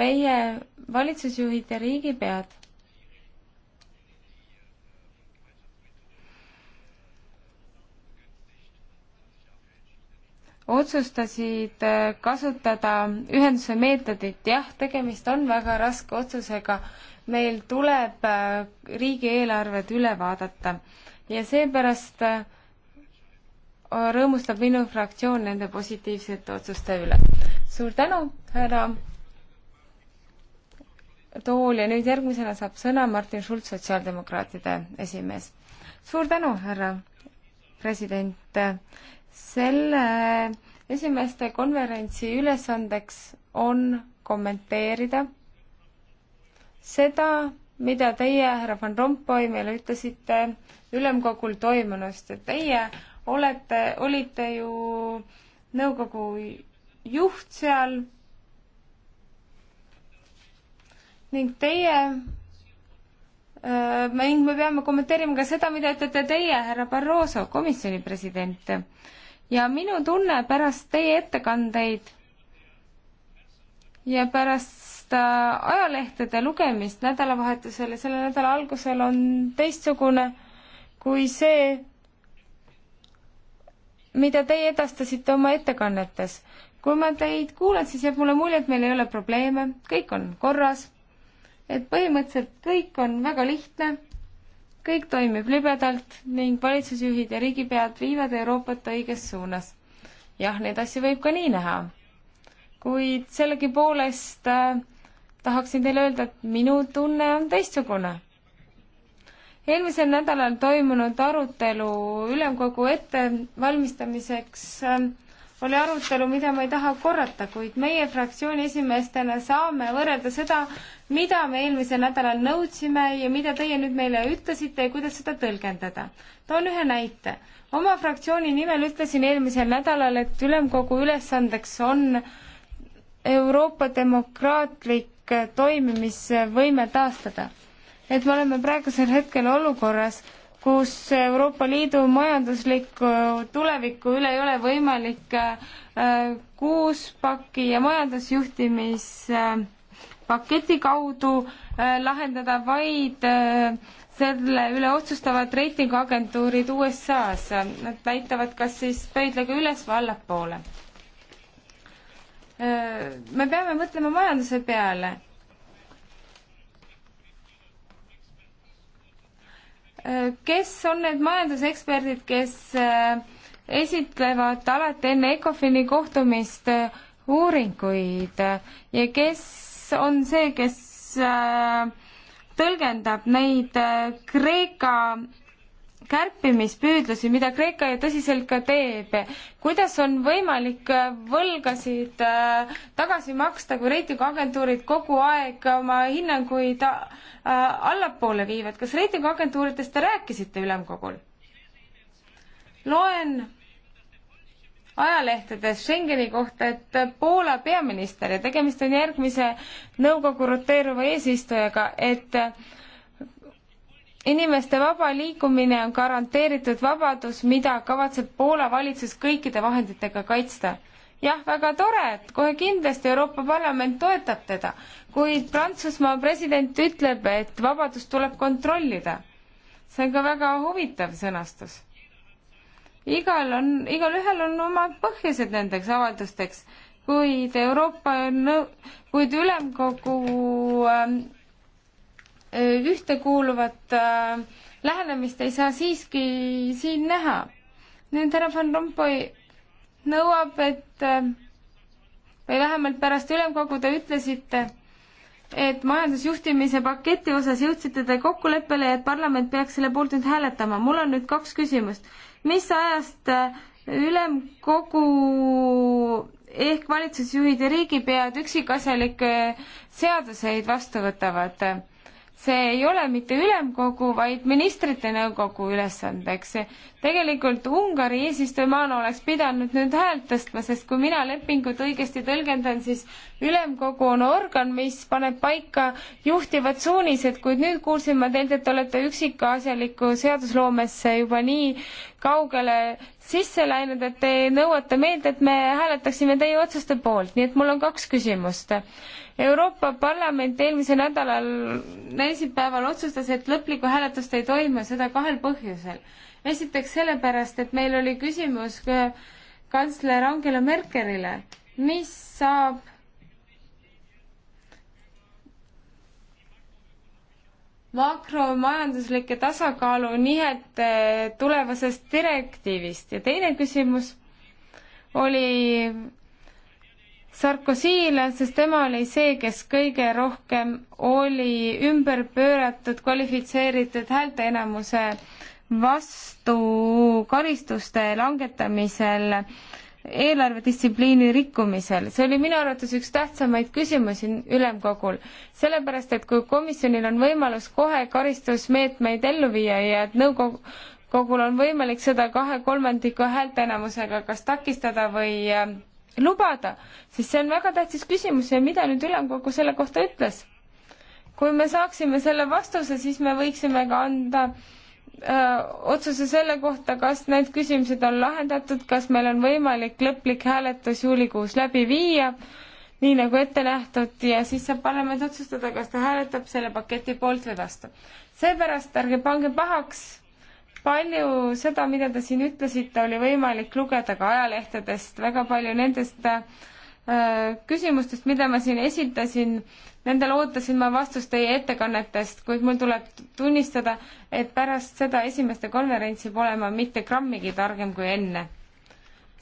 meie valitsusjuhid ja riigipead otsustasid äh, kasutada ühenduse meetodit. jah, tegemist on väga raske otsusega, meil tuleb äh, riigieelarved üle vaadata ja seepärast äh, rõõmustab minu fraktsioon nende positiivsete otsuste üle. suur tänu, härra Tool ja nüüd järgmisena saab sõna Martin Schulz, sotsiaaldemokraatide esimees. suur tänu, härra president selle esimeste konverentsi ülesandeks on kommenteerida seda, mida teie, härra Van Rompuy, meile ütlesite ülemkogul toimunust, et teie olete, olite ju nõukogu juht seal ning teie ning äh, me peame kommenteerima ka seda, mida ütlete teie, härra Barroso, komisjoni president ja minu tunne pärast teie ettekandeid ja pärast äh, ajalehtede lugemist nädalavahetusel ja selle nädala algusel on teistsugune kui see, mida teie edastasite oma ettekannetes. kui ma teid kuulan, siis jääb mulle mulje, et meil ei ole probleeme, kõik on korras, et põhimõtteliselt kõik on väga lihtne kõik toimib libedalt ning valitsusjuhid ja riigipead viivad Euroopat õiges suunas. jah, neid asju võib ka nii näha. kuid sellegipoolest äh, tahaksin teile öelda, et minu tunne on teistsugune eelmisel nädalal toimunud arutelu ülemkogu ettevalmistamiseks äh, oli arutelu, mida ma ei taha korrata, kuid meie fraktsiooni esimeestena saame võrrelda seda, mida me eelmisel nädalal nõudsime ja mida teie nüüd meile ütlesite ja kuidas seda tõlgendada. toon ühe näite. oma fraktsiooni nimel ütlesin eelmisel nädalal, et ülemkogu ülesandeks on Euroopa demokraatlik toimimisvõime taastada. et me oleme praegusel hetkel olukorras, kus Euroopa Liidu majanduslikku tulevikku üle ei ole võimalik kuuspaki ja majandusjuhtimispaketi kaudu lahendada, vaid selle üle otsustavad reitinguagentuurid USA-s. Nad näitavad kas siis pöidlaga üles või allapoole. me peame mõtlema majanduse peale kes on need majanduseksperdid, kes äh, esitlevad alati enne ECOFIN-i kohtumist äh, uuringuid ja kes on see, kes äh, tõlgendab neid Kreeka kärpimispüüdlusi, mida Kreeka ju tõsiselt ka teeb. kuidas on võimalik äh, võlgasid äh, tagasi maksta, kui reitinguagentuurid kogu aeg oma hinnanguid äh, allapoole viivad, kas reitinguagentuuridest te rääkisite ülemkogul? loen ajalehtedes Schengeni kohta, et Poola peaminister ja tegemist on järgmise nõukogu roteeruva eesistujaga, et inimeste vaba liikumine on garanteeritud vabadus, mida kavatseb Poola valitsus kõikide vahenditega kaitsta. jah, väga tore, et kohe kindlasti Euroopa Parlament toetab teda, kuid Prantsusmaa president ütleb, et vabadust tuleb kontrollida. see on ka väga huvitav sõnastus. igal on, igalühel on omad põhjused nendeks avaldusteks, kuid Euroopa Nõu-, kuid Ülemkogu äh, ühtekuuluvat äh, lähenemist ei saa siiski siin näha. nüüd härra Van Rompuy nõuab, et äh, või vähemalt pärast ülemkogu te ütlesite, et majandusjuhtimise paketi osas jõudsite te kokkuleppele ja et parlament peaks selle poolt nüüd hääletama. mul on nüüd kaks küsimust. mis ajast äh, ülemkogu ehk valitsusjuhid ja riigipead üksikasjalikke seaduseid vastu võtavad? see ei ole mitte ülemkogu, vaid ministrite nõukogu ülesandeks. tegelikult Ungari eesistujamaana oleks pidanud nüüd häält tõstma, sest kui mina lepingut õigesti tõlgendan, siis ülemkogu on organ, mis paneb paika juhtivad suunised, kuid nüüd kuulsin ma teilt, et olete üksikasjalikku seadusloomesse juba nii kaugele sisse läinud, et te nõuate meilt, et me hääletaksime teie otsuste poolt, nii et mul on kaks küsimust. Euroopa Parlament eelmisel nädalal teisipäeval otsustas, et lõplikku hääletust ei toimu, seda kahel põhjusel. esiteks sellepärast, et meil oli küsimus äh, kantsler Angela Merkelile, mis saab makromajanduslike tasakaalunihete tulevasest direktiivist ja teine küsimus oli Sarkozyle, sest tema oli see, kes kõige rohkem oli ümber pööratud kvalifitseeritud häälteenamuse vastu karistuste langetamisel äh, eelarvedistsipliini rikkumisel. see oli minu arvates üks tähtsamaid küsimusi ülemkogul, sellepärast et kui komisjonil on võimalus kohe karistusmeetmeid ellu viia ja et nõukogu kogul on võimalik seda kahe kolmandiku häälteenamusega kas takistada või äh, lubada, siis see on väga tähtis küsimus ja mida nüüd ülemkogu selle kohta ütles? kui me saaksime selle vastuse, siis me võiksime ka anda äh, Äh, otsuse selle kohta, kas need küsimused on lahendatud, kas meil on võimalik lõplik hääletus juulikuus läbi viia, nii nagu ette nähtud ja siis saab parlament otsustada, kas ta hääletab selle paketi poolt või vastu. seepärast ärge pange pahaks, palju seda, mida te siin ütlesite, oli võimalik lugeda ka ajalehtedest, väga palju nendest äh, küsimustest, mida ma siin esitasin, Nendele ootasin ma vastust teie ettekannetest, kuid mul tuleb tunnistada, et pärast seda esimeste konverentsi pole ma mitte grammigi targem kui enne.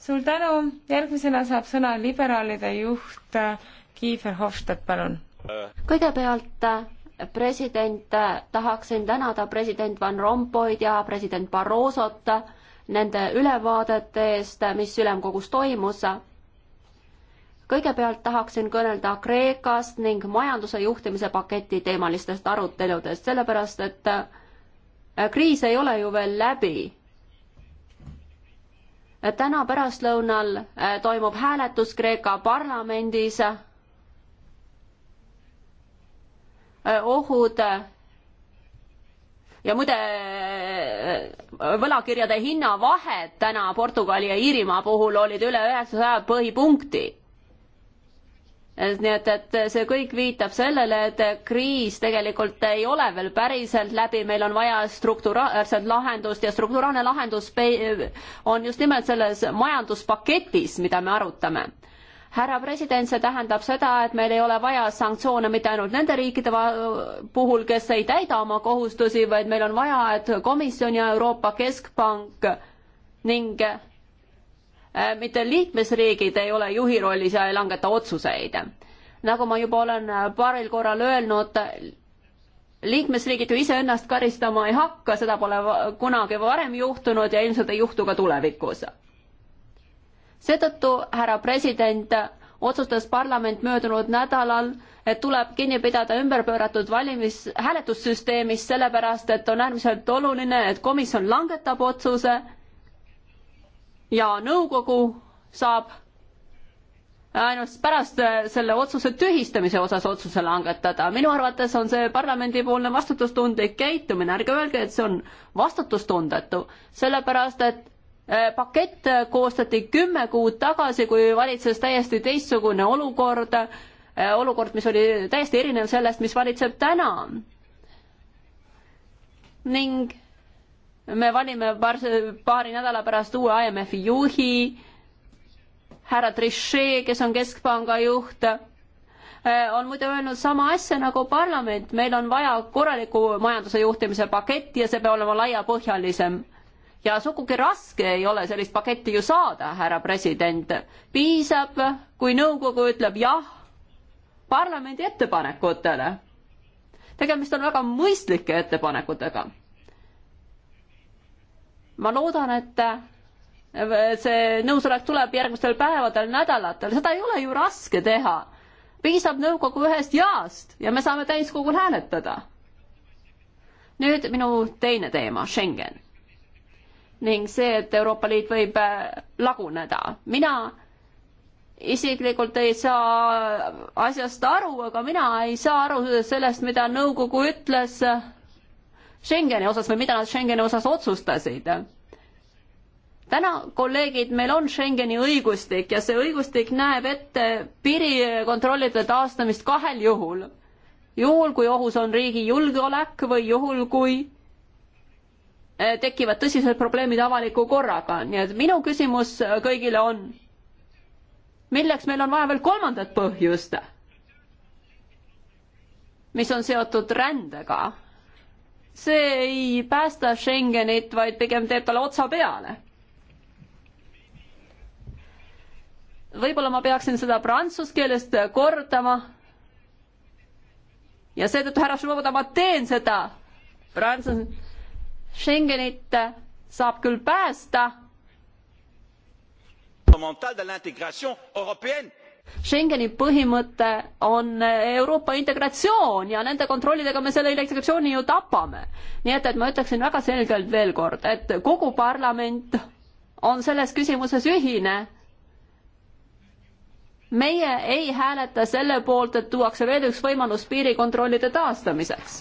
suur tänu, järgmisena saab sõna liberaalide juht äh, Kiefer Hofstadt, palun. kõigepealt äh, president, äh, tahaksin tänada president Van Rompuyd ja president Barrosot nende ülevaadete eest, mis ülemkogus toimus kõigepealt tahaksin kõnelda Kreekast ning majanduse juhtimise paketi teemalistest aruteludest, sellepärast et äh, kriis ei ole ju veel läbi. täna pärastlõunal äh, toimub hääletus Kreeka parlamendis. Äh, ohud ja muide võlakirjade hinnavahed täna Portugali ja Iirimaa puhul olid üle üheksasaja põhipunkti nii et, et see kõik viitab sellele, et kriis tegelikult ei ole veel päriselt läbi, meil on vaja strukturaalset lahendust ja strukturaalne lahendus on just nimelt selles majanduspaketis, mida me arutame härra president, see tähendab seda, et meil ei ole vaja sanktsioone mitte ainult nende riikide puhul, kes ei täida oma kohustusi, vaid meil on vaja, et komisjon ja Euroopa Keskpank ning Äh, mitte liikmesriigid ei ole juhi rollis ja ei langeta otsuseid. nagu ma juba olen äh, paaril korral öelnud, liikmesriigid ju iseennast karistama ei hakka, seda pole kunagi varem juhtunud ja ilmselt ei juhtu ka tulevikus. seetõttu, härra president, otsustas parlament möödunud nädalal, et tuleb kinni pidada ümberpööratud valimis, hääletussüsteemist, sellepärast et on äärmiselt oluline, et komisjon langetab otsuse ja nõukogu saab ainult pärast äh, selle otsuse tühistamise osas otsuse langetada. minu arvates on see parlamendipoolne vastutustundlik käitumine, ärge öelge, et see on vastutustundetu, sellepärast et äh, pakett koostati kümme kuud tagasi, kui valitses täiesti teistsugune olukord, äh, olukord, mis oli täiesti erinev sellest, mis valitseb täna. ning me valime paar, paari nädala pärast uue IMF-i juhi, härra Trichet, kes on keskpanga juht, eh, on muide öelnud sama asja nagu parlament, meil on vaja korralikku majanduse juhtimise paketti ja see peab olema laiapõhjalisem. ja sugugi raske ei ole sellist paketti ju saada, härra president. piisab, kui nõukogu ütleb jah parlamendi ettepanekutele. tegemist on väga mõistlike ettepanekutega ma loodan, et see nõusolek tuleb järgmistel päevadel, nädalatel, seda ei ole ju raske teha. piisab nõukogu ühest jaast ja me saame täiskogul hääletada. nüüd minu teine teema, Schengen. ning see, et Euroopa Liit võib äh, laguneda. mina isiklikult ei saa asjast aru, aga mina ei saa aru sellest, mida nõukogu ütles Schengeni osas või mida nad Schengeni osas otsustasid. täna, kolleegid, meil on Schengeni õigustik ja see õigustik näeb ette piirikontrollide taastamist kahel juhul. juhul, kui ohus on riigi julgeolek või juhul, kui eh, tekivad tõsised probleemid avaliku korraga, nii et minu küsimus kõigile on, milleks meil on vaja veel kolmandat põhjust, mis on seotud rändega see ei päästa Schengenit, vaid pigem teeb talle otsa peale. võib-olla ma peaksin seda prantsuse keelest kordama. ja seetõttu, härra Švoboda, ma teen seda prantsuse. Schengenit saab küll päästa. fondamentale de l'intégration européenne Schengeni põhimõte on Euroopa integratsioon ja nende kontrollidega me selle integratsiooni ju tapame. nii et, et ma ütleksin väga selgelt veel kord, et kogu parlament on selles küsimuses ühine. meie ei hääleta selle poolt, et tuuakse veel üks võimalus piirikontrollide taastamiseks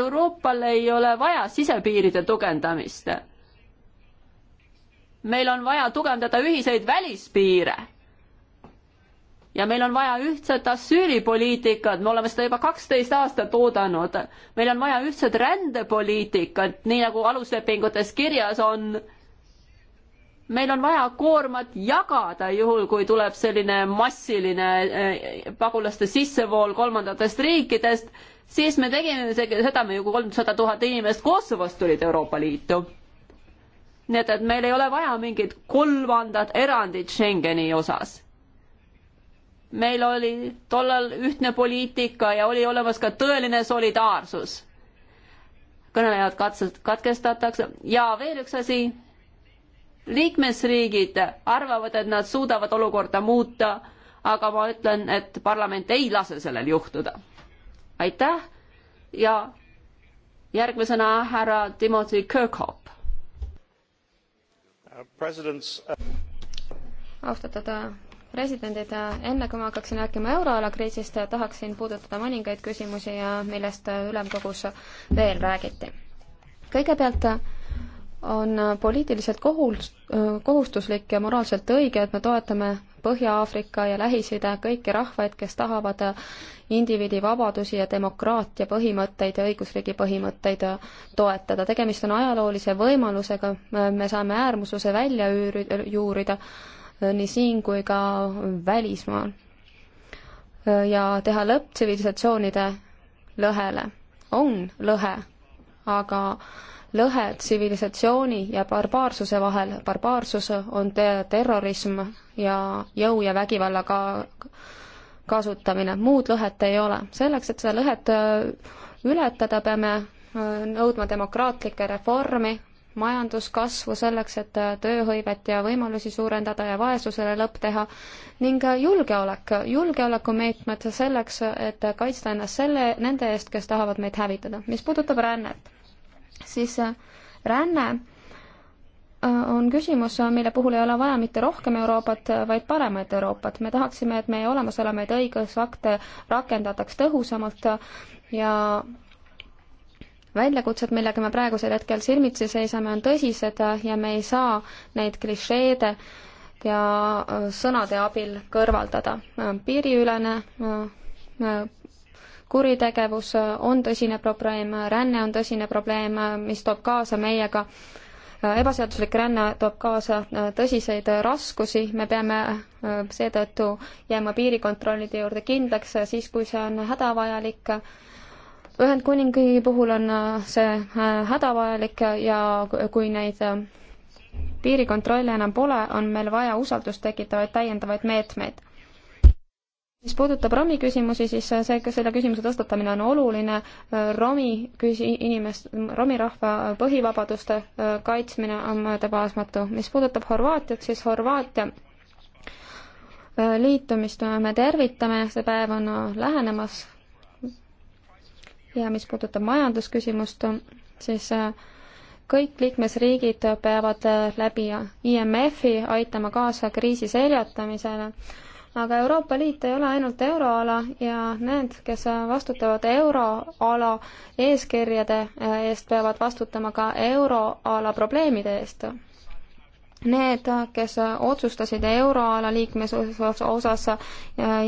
Euroopal ei ole vaja sisepiiride tugevdamist meil on vaja tugevdada ühiseid välispiire. ja meil on vaja ühtset asüülipoliitikat, me oleme seda juba kaksteist aastat oodanud. meil on vaja ühtset rändepoliitikat, nii nagu aluslepingutes kirjas on. meil on vaja koormat jagada, juhul kui tuleb selline massiline eh, pagulaste sissevool kolmandatest riikidest, siis me tegime seda, me ju kolmsada tuhat inimest Kosovost tulid Euroopa Liitu nii et, et meil ei ole vaja mingit kolmandat erandit Schengeni osas. meil oli tollal ühtne poliitika ja oli olemas ka tõeline solidaarsus. kõnelejad katsed, katkestatakse ja veel üks asi. liikmesriigid arvavad, et nad suudavad olukorda muuta, aga ma ütlen, et parlament ei lase sellel juhtuda. aitäh ja järgmisena härra Timothy Kirkhope Uh, austatud uh, presidendid, uh, enne kui ma hakkaksin rääkima euroala kriisist, tahaksin puudutada mõningaid küsimusi ja millest ülemkogus veel räägiti. kõigepealt on poliitiliselt kohus, kohustuslik ja moraalselt õige, et me toetame Põhja-Aafrika ja Lähis-Ida kõiki rahvaid, kes tahavad indiviidi vabadusi ja demokraatia põhimõtteid ja õigusriigi põhimõtteid toetada. tegemist on ajaloolise võimalusega, me saame äärmusluse välja juurida nii siin kui ka välismaal ja teha lõpp tsivilisatsioonide lõhele. on lõhe, aga lõhe tsivilisatsiooni ja barbaarsuse vahel. barbaarsus on te-, terrorism ja jõu ja vägivalla ka-, kasutamine, muud lõhet ei ole. selleks, et seda lõhet äh, ületada, peame äh, nõudma demokraatlikke reformi, majanduskasvu selleks, et äh, tööhõivet ja võimalusi suurendada ja vaesusele lõpp teha ning julgeolek, julgeolekumeetmed selleks, et kaitsta ennast selle, nende eest, kes tahavad meid hävitada. mis puudutab rännet, siis äh, ränne äh, on küsimus, äh, mille puhul ei ole vaja mitte rohkem Euroopat, vaid paremat Euroopat. me tahaksime, et meie olemasolevaid õigusakte rakendataks tõhusamalt ja väljakutsed, millega me praegusel hetkel silmitsi seisame, on tõsised ja me ei saa neid klišeede ja sõnade abil kõrvaldada. piiriülene kuritegevus on tõsine probleem, ränne on tõsine probleem, mis toob kaasa meiega ebaseaduslik ränne toob kaasa äh, tõsiseid raskusi, me peame äh, seetõttu jääma piirikontrollide juurde kindlaks äh, siis, kui see on hädavajalik. Ühendkuningriigi puhul on see hädavajalik ja kui neid piirikontrolle enam pole, on meil vaja usaldust tekitavaid täiendavaid meetmeid mis puudutab RAMi küsimusi, siis see, selle küsimuse tõstatamine on oluline. RAMi küsi-, inimest, RAMi rahva põhivabaduste äh, kaitsmine on möödapääsmatu. mis puudutab Horvaatiat, siis Horvaatia äh, liitumist me tervitame, see päev on äh, lähenemas. ja mis puudutab majandusküsimust, siis kõik liikmesriigid peavad läbi IMF-i aitama kaasa kriisi seljatamisele aga Euroopa Liit ei ole ainult euroala ja need, kes vastutavad euroala eeskirjade äh, eest, peavad vastutama ka euroala probleemide eest. Need, kes otsustasid euroala liikmesuse osas äh,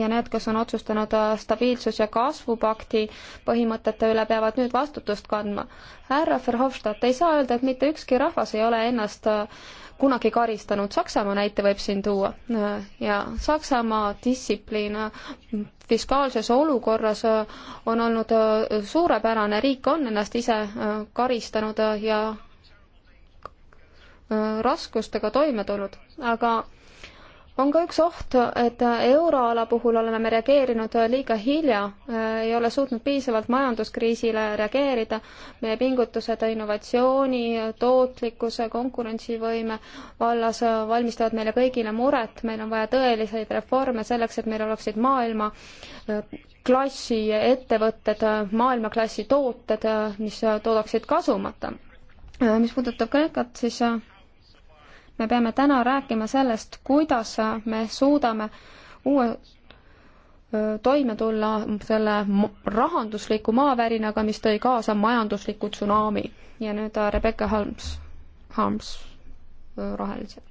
ja need, kes on otsustanud äh, stabiilsus- ja kasvupakti põhimõtete üle, peavad nüüd vastutust kandma. härra Verhofstadt, ei saa öelda, et mitte ükski rahvas ei ole ennast äh, kunagi karistanud. Saksamaa näite võib siin tuua ja Saksamaa distsipliin fiskaalses olukorras on olnud suurepärane, riik on ennast ise karistanud ja raskustega toime tulnud, aga on ka üks oht, et euroala puhul oleme me reageerinud liiga hilja, ei ole suutnud piisavalt majanduskriisile reageerida. meie pingutused innovatsiooni, tootlikkuse, konkurentsivõime vallas valmistavad meile kõigile muret, meil on vaja tõeliseid reforme selleks, et meil oleksid maailma äh, klassi ettevõtted, maailmaklassi tooted, äh, mis toodaksid kasumata. Äh, mis puudutab Kreekat, siis me peame täna rääkima sellest, kuidas me suudame uue toime tulla selle rahandusliku maavärinaga, mis tõi kaasa majandusliku tsunami. ja nüüd äh, Rebecca Harms, Harms rohelised.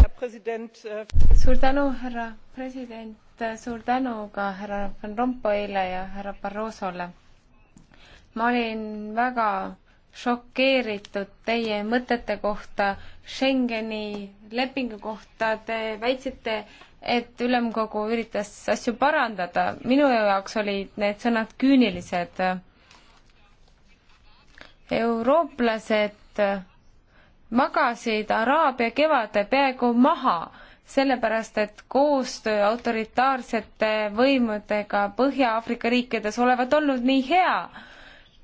Äh, suur tänu, härra president, suur tänu ka härra Van Rompuyle ja härra Barrosole. ma olin väga šokeeritud teie mõtete kohta Schengeni lepingu kohta. Te väitsite, et ülemkogu üritas asju parandada. minu jaoks olid need sõnad küünilised. eurooplased magasid Araabia kevade peaaegu maha, sellepärast et koostöö autoritaarsete võimudega Põhja-Aafrika riikides olevat olnud nii hea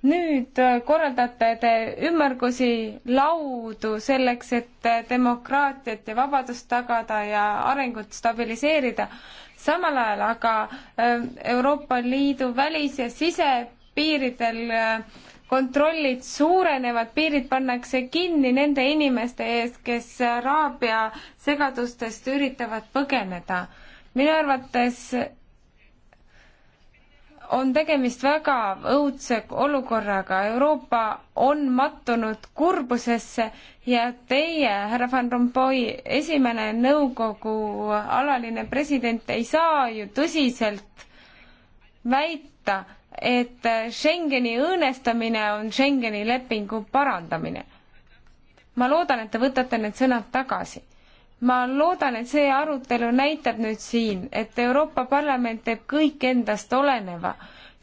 nüüd äh, korraldate te ümmargusi laudu selleks, et äh, demokraatiat ja vabadust tagada ja arengut stabiliseerida. samal ajal aga äh, Euroopa Liidu välis- ja sisepiiridel kontrollid suurenevad, piirid pannakse kinni nende inimeste ees, kes araabia segadustest üritavad põgeneda. minu arvates on tegemist väga õudse olukorraga. Euroopa on mattunud kurbusesse ja teie, härra Van Rompuy, esimene nõukogu alaline president ei saa ju tõsiselt väita, et Schengeni õõnestamine on Schengeni lepingu parandamine. ma loodan, et te võtate need sõnad tagasi ma loodan, et see arutelu näitab nüüd siin, et Euroopa Parlament teeb kõik endast oleneva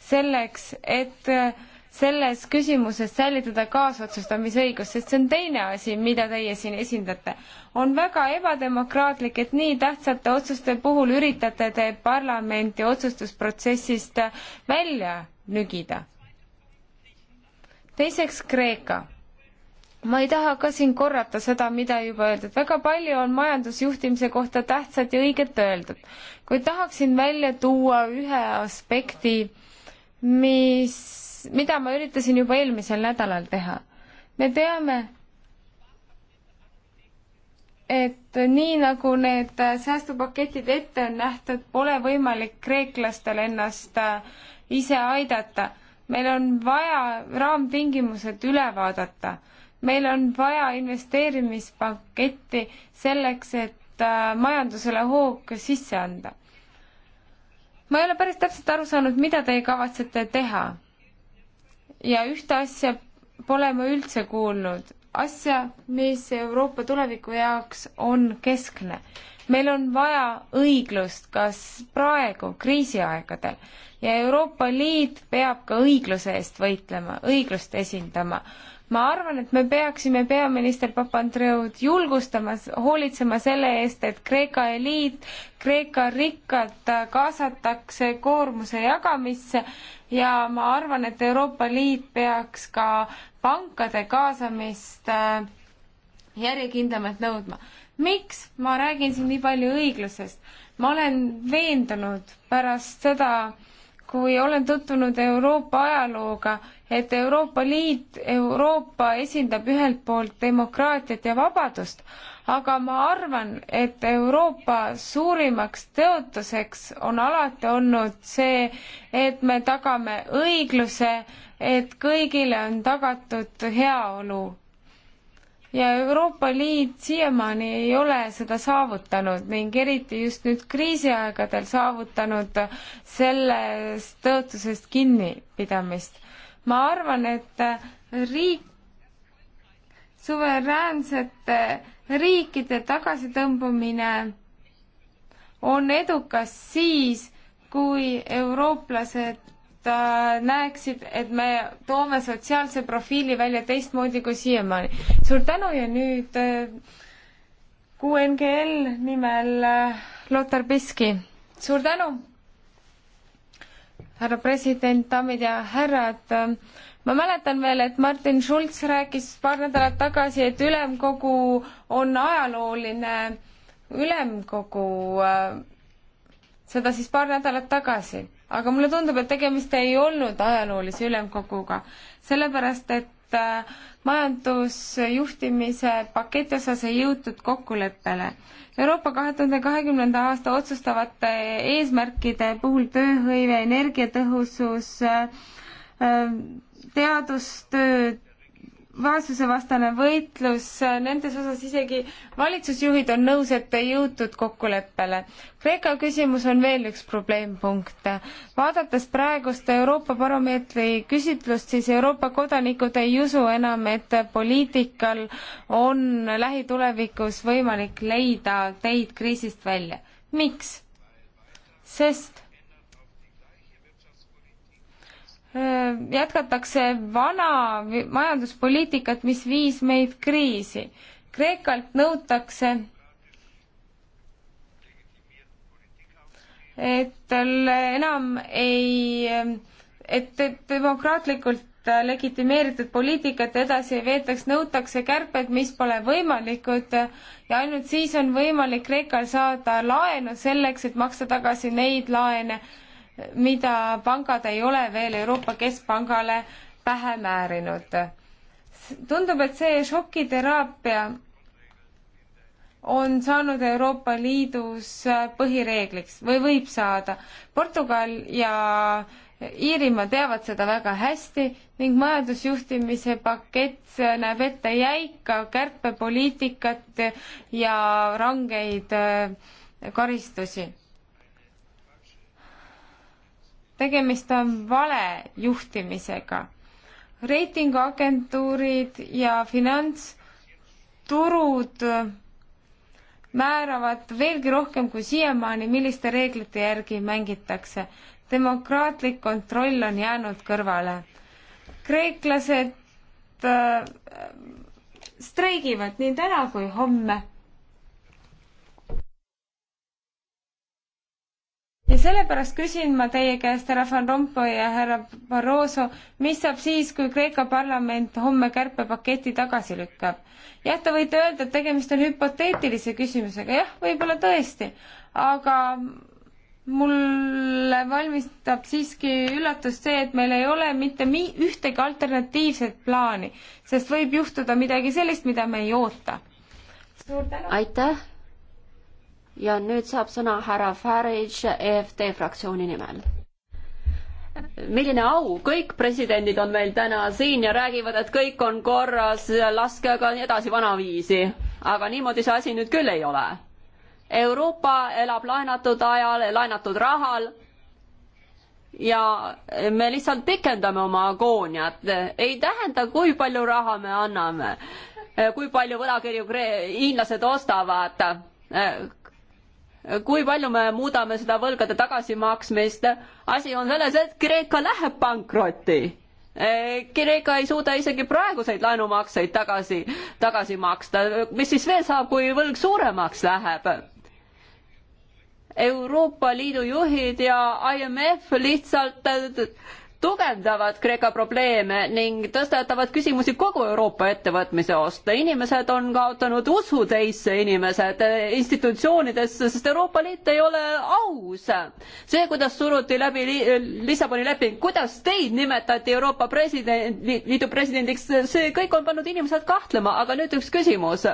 selleks, et äh, selles küsimuses säilitada kaasotsustamisõigust, sest see on teine asi, mida teie siin esindate. on väga ebademokraatlik, et nii tähtsate otsuste puhul üritate te parlamenti otsustusprotsessist välja nügida. teiseks Kreeka ma ei taha ka siin korrata seda, mida juba öeldud, väga palju on majandusjuhtimise kohta tähtsat ja õiget öeldud, kuid tahaksin välja tuua ühe aspekti, mis, mida ma üritasin juba eelmisel nädalal teha. me teame, et nii nagu need säästupaketid ette on nähtud, pole võimalik kreeklastel ennast äh, ise aidata. meil on vaja raamtingimused üle vaadata meil on vaja investeerimispaketti selleks, et äh, majandusele hoog sisse anda. ma ei ole päris täpselt aru saanud, mida te kavatsete teha. ja ühte asja pole ma üldse kuulnud, asja, mis Euroopa tuleviku jaoks on keskne meil on vaja õiglust, kas praegu, kriisiaegadel, ja Euroopa Liit peab ka õigluse eest võitlema, õiglust esindama ma arvan, et me peaksime peaminister Papandreud julgustama, hoolitsema selle eest, et Kreeka eliit, Kreeka rikkad kaasatakse koormuse jagamisse ja ma arvan, et Euroopa Liit peaks ka pankade kaasamist äh, järjekindlamalt nõudma. miks ma räägin siin nii palju õiglusest? ma olen veendunud pärast seda, kui olen tutvunud Euroopa ajalooga, et Euroopa Liit, Euroopa esindab ühelt poolt demokraatiat ja vabadust, aga ma arvan, et Euroopa suurimaks tõotuseks on alati olnud see, et me tagame õigluse, et kõigile on tagatud heaolu ja Euroopa Liit siiamaani ei ole seda saavutanud ning eriti just nüüd kriisiaegadel saavutanud sellest tõotusest kinnipidamist. ma arvan, et riik, suveräänsete riikide tagasitõmbumine on edukas siis, kui eurooplased Äh, näeksid, et me toome sotsiaalse profiili välja teistmoodi kui siiamaani. suur tänu ja nüüd äh, QNGL nimel äh, Lotar Piski. suur tänu, härra president, daamid ja härrad. ma mäletan veel, et Martin Schulz rääkis paar nädalat tagasi, et ülemkogu on ajalooline ülemkogu, seda siis paar nädalat tagasi aga mulle tundub, et tegemist ei olnud ajaloolise ülemkoguga, sellepärast et äh, majandusjuhtimise paketi osas ei jõutud kokkuleppele. Euroopa kahe tuhande kahekümnenda aasta otsustavate eesmärkide puhul tööhõive, energiatõhusus, äh, äh, teadustööd, vaesusevastane võitlus, nendes osas isegi valitsusjuhid on nõus, et ei jõutud kokkuleppele. Kreeka küsimus on veel üks probleempunkt. vaadates praegust Euroopa Baromeetri küsitlust, siis Euroopa kodanikud ei usu enam, et poliitikal on lähitulevikus võimalik leida teid kriisist välja. miks? sest jätkatakse vana majanduspoliitikat, mis viis meid kriisi. Kreekalt nõutakse, et tal enam ei, et demokraatlikult legitimeeritud poliitikat edasi ei veetaks, nõutakse kärped, mis pole võimalikud ja ainult siis on võimalik Kreekal saada laenu selleks, et maksta tagasi neid laene, mida pangad ei ole veel Euroopa Keskpangale pähe määrinud. tundub, et see šokiteraapia on saanud Euroopa Liidus põhireegliks või võib saada. Portugal ja Iirimaa teavad seda väga hästi ning majandusjuhtimise pakett näeb ette jäika kärpepoliitikat ja rangeid karistusi tegemist on vale juhtimisega. reitinguagentuurid ja finantsturud määravad veelgi rohkem kui siiamaani, milliste reeglite järgi mängitakse. demokraatlik kontroll on jäänud kõrvale. kreeklased äh, streigivad nii täna kui homme ja sellepärast küsin ma teie käest, härra Van Rompuy ja härra Barroso, mis saab siis, kui Kreeka parlament homme kärpepaketi tagasi lükkab? jah, te võite öelda, et tegemist on hüpoteetilise küsimusega, jah, võib-olla tõesti, aga mulle valmistab siiski üllatust see, et meil ei ole mitte mi-, ühtegi alternatiivset plaani, sest võib juhtuda midagi sellist, mida me ei oota. aitäh ja nüüd saab sõna härra Farage EFT fraktsiooni nimel milline au, kõik presidendid on meil täna siin ja räägivad, et kõik on korras, laske aga nii edasi vanaviisi. aga niimoodi see asi nüüd küll ei ole. Euroopa elab laenatud ajal, laenatud rahal ja me lihtsalt pikendame oma agooniat, ei tähenda, kui palju raha me anname, kui palju võlakirju hiinlased ostavad kui palju me muudame seda võlgade tagasimaksmist. asi on selles, et Kreeka läheb pankrotti. Eh, Kreeka ei suuda isegi praeguseid laenumakseid tagasi, tagasi maksta. mis siis veel saab, kui võlg suuremaks läheb? Euroopa Liidu juhid ja IMF lihtsalt tugevdavad Kreeka probleeme ning tõstatavad küsimusi kogu Euroopa ettevõtmise osta. inimesed on kaotanud usu teisse, inimesed eh, institutsioonidesse, sest Euroopa Liit ei ole aus. see, kuidas suruti läbi Lissaboni leping, kuidas teid nimetati Euroopa president, liidu presidendiks, see kõik on pannud inimesed kahtlema, aga nüüd üks küsimus.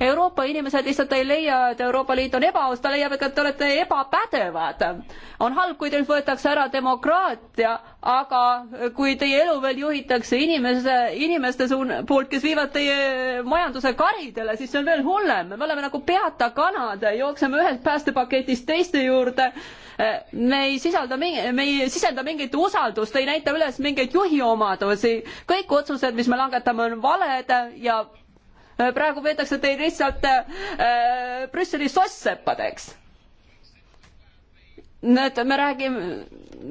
Euroopa inimesed lihtsalt ei leia, et Euroopa Liit on ebaaus, ta leiab, et te olete ebapädevad. on halb, kui teilt võetakse ära demokraatia aga kui teie elu veel juhitakse inimese, inimeste suun-, poolt, kes viivad teie majanduse karidele, siis see on veel hullem, me oleme nagu peata kanad, jookseme ühest päästepaketist teiste juurde, me ei sisalda, me ei sisenda mingit usaldust, ei näita üles mingeid juhi omadusi, kõik otsused, mis me langetame, on valed ja äh, praegu peetakse teid lihtsalt äh, Brüsseli sosssepadeks näed, me räägime,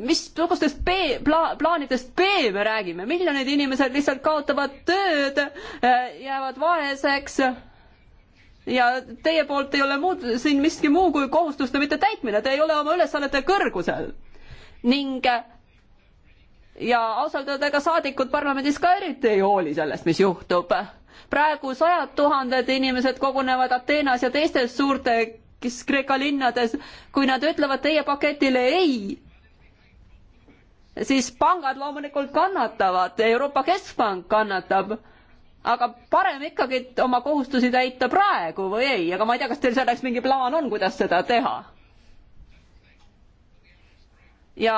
mis tugustest B pla,, plaanidest B me räägime, miljonid inimesed lihtsalt kaotavad tööd, äh, jäävad vaeseks. ja teie poolt ei ole muud siin miski muu kui kohustuste mittetäitmine, te ei ole oma ülesannete kõrgusel. ning ja ausalt öelda, ega saadikud parlamendis ka eriti ei hooli sellest, mis juhtub. praegu sajad tuhanded inimesed kogunevad Ateenas ja teistes suurte kõigis Kreeka linnades, kui nad ütlevad teie paketile ei, siis pangad loomulikult kannatavad, Euroopa Keskpank kannatab, aga parem ikkagi oma kohustusi täita praegu või ei, aga ma ei tea, kas teil selleks mingi plaan on, kuidas seda teha? ja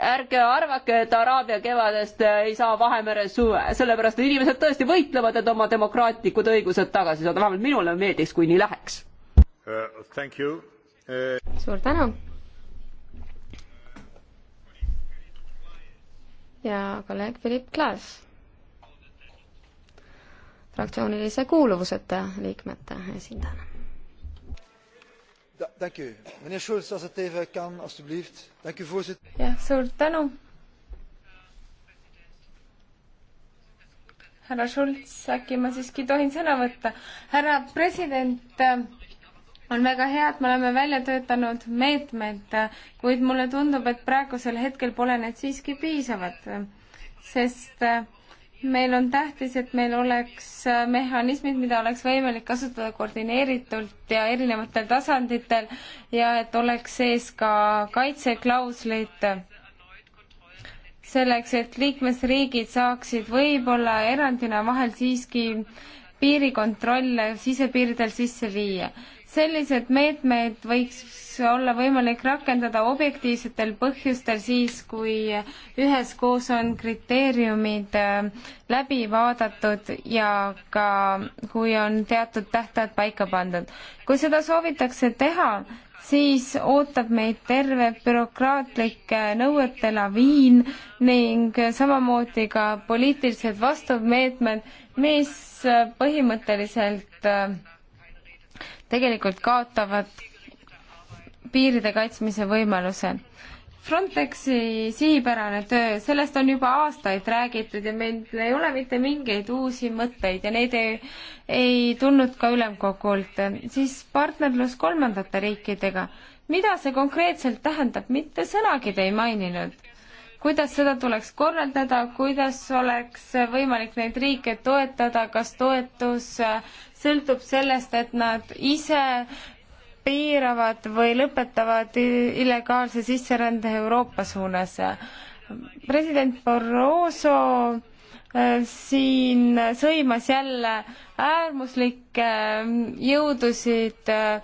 ärge arvake, et Araabia kevadest äh, ei saa Vahemere suve, sellepärast et inimesed tõesti võitlevad, et oma demokraatlikud õigused tagasi saada, vähemalt minule meeldiks, kui nii läheks uh,. Uh... suur tänu. ja kolleeg Philipp Klaas fraktsioonilise kuuluvuseta liikmete esindajana jah, suur tänu. härra Schulz, äkki ma siiski tohin sõna võtta? härra president, äh, on väga hea, et me oleme välja töötanud meetmed, äh, kuid mulle tundub, et praegusel hetkel pole need siiski piisavad, äh, sest meil on tähtis, et meil oleks äh, mehhanismid, mida oleks võimalik kasutada koordineeritult ja erinevatel tasanditel ja et oleks sees ka kaitseklauslid selleks, et liikmesriigid saaksid võib-olla erandina vahel siiski piirikontrolle sisepiiridel sisse viia sellised meetmed võiks olla võimalik rakendada objektiivsetel põhjustel siis, kui üheskoos on kriteeriumid äh, läbi vaadatud ja ka kui on teatud tähtajad paika pandud. kui seda soovitakse teha, siis ootab meid terve bürokraatlik äh, nõuete laviin ning samamoodi ka poliitilised vastumeetmed, mis põhimõtteliselt äh, tegelikult kaotavad piiride kaitsmise võimaluse. Frontexi sihipärane töö, sellest on juba aastaid räägitud ja meil ei ole mitte mingeid uusi mõtteid ja neid ei, ei tulnud ka ülemkogult. siis partnerlus kolmandate riikidega, mida see konkreetselt tähendab, mitte sõnagi te ei maininud. kuidas seda tuleks korraldada, kuidas oleks võimalik neid riike toetada, kas toetus sõltub sellest, et nad ise piiravad või lõpetavad illegaalse sisserände Euroopa suunas. president Barroso äh, siin sõimas jälle äärmuslikke äh, jõudusid äh,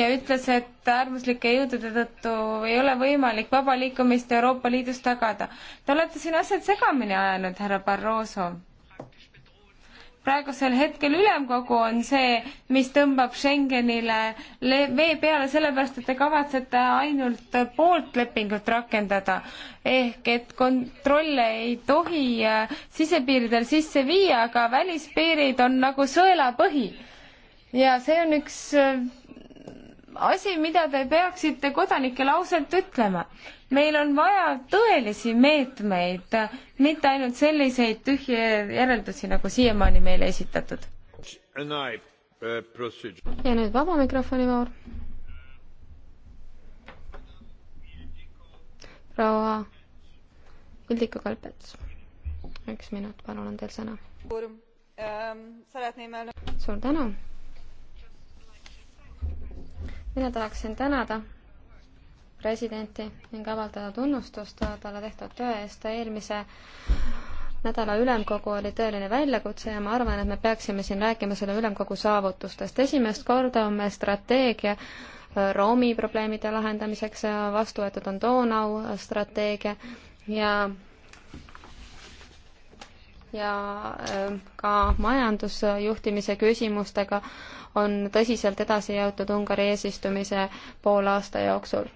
ja ütles, et äärmuslike jõudude tõttu ei ole võimalik vaba liikumist Euroopa Liidus tagada. Te olete siin asjad segamini ajanud, härra Barroso praegusel hetkel ülemkogu on see, mis tõmbab Schengenile vee peale, sellepärast et te kavatsete ainult poolt lepingut rakendada. ehk et kontrolle ei tohi äh, sisepiiridel sisse viia, aga välispiirid on nagu sõelapõhi. ja see on üks äh, asi, mida te peaksite kodanikele ausalt ütlema meil on vaja tõelisi meetmeid, mitte ainult selliseid tühje järeldusi, nagu siiamaani meile esitatud. Uh, ja nüüd vaba mikrofoni voor. proua Ildiko Kalpets, üks minut, palun, on teil sõna. Ähm, suur tänu. mina tahaksin tänada presidenti ning avaldada tunnustust talle tehtud töö eest eelmise nädala ülemkogu oli tõeline väljakutse ja ma arvan, et me peaksime siin rääkima selle ülemkogu saavutustest. esimest korda on meil strateegia äh, Romi probleemide lahendamiseks, vastu võetud on Donau äh, strateegia ja ja äh, ka majandusjuhtimise küsimustega on tõsiselt edasi jõutud Ungari eesistumise poolaasta jooksul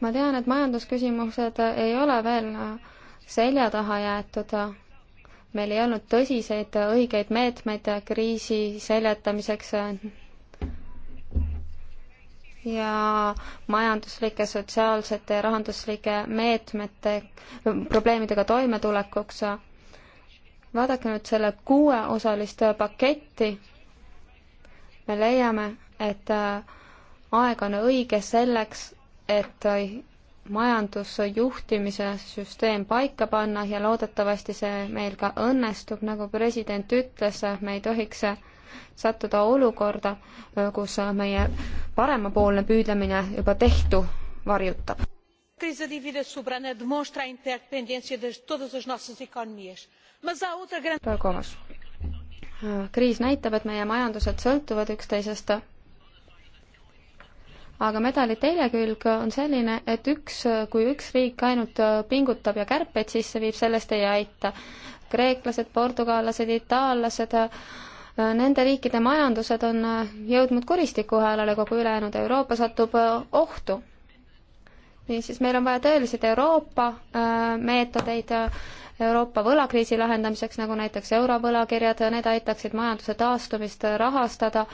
ma tean, et majandusküsimused ei ole veel selja taha jäetud. meil ei olnud tõsiseid õigeid meetmeid kriisi seljatamiseks ja majanduslike, sotsiaalsete ja rahanduslike meetmete probleemidega toimetulekuks. vaadake nüüd selle kuueosalist paketti. me leiame, et aeg on õige selleks, et majandusjuhtimise süsteem paika panna ja loodetavasti see meil ka õnnestub, nagu president ütles, me ei tohiks sattuda olukorda, kus meie paremapoolne püüdlemine juba tehtu varjutab. crise de dívida soberana demonstra a interdependência de todas as nossas economias. Mas há outra grande... Kriis näitab, et meie majandused sõltuvad üksteisest aga medali teine külg on selline, et üks, kui üks riik ainult pingutab ja kärpeid sisse viib, sellest ei aita. kreeklased, portugallased, itaallased, nende riikide majandused on jõudnud kuristiku häälele, kogu ülejäänud Euroopa satub ohtu. niisiis, meil on vaja tõeliselt Euroopa äh, meetodeid, Euroopa võlakriisi lahendamiseks, nagu näiteks eurovõlakirjad, need aitaksid majanduse taastumist rahastada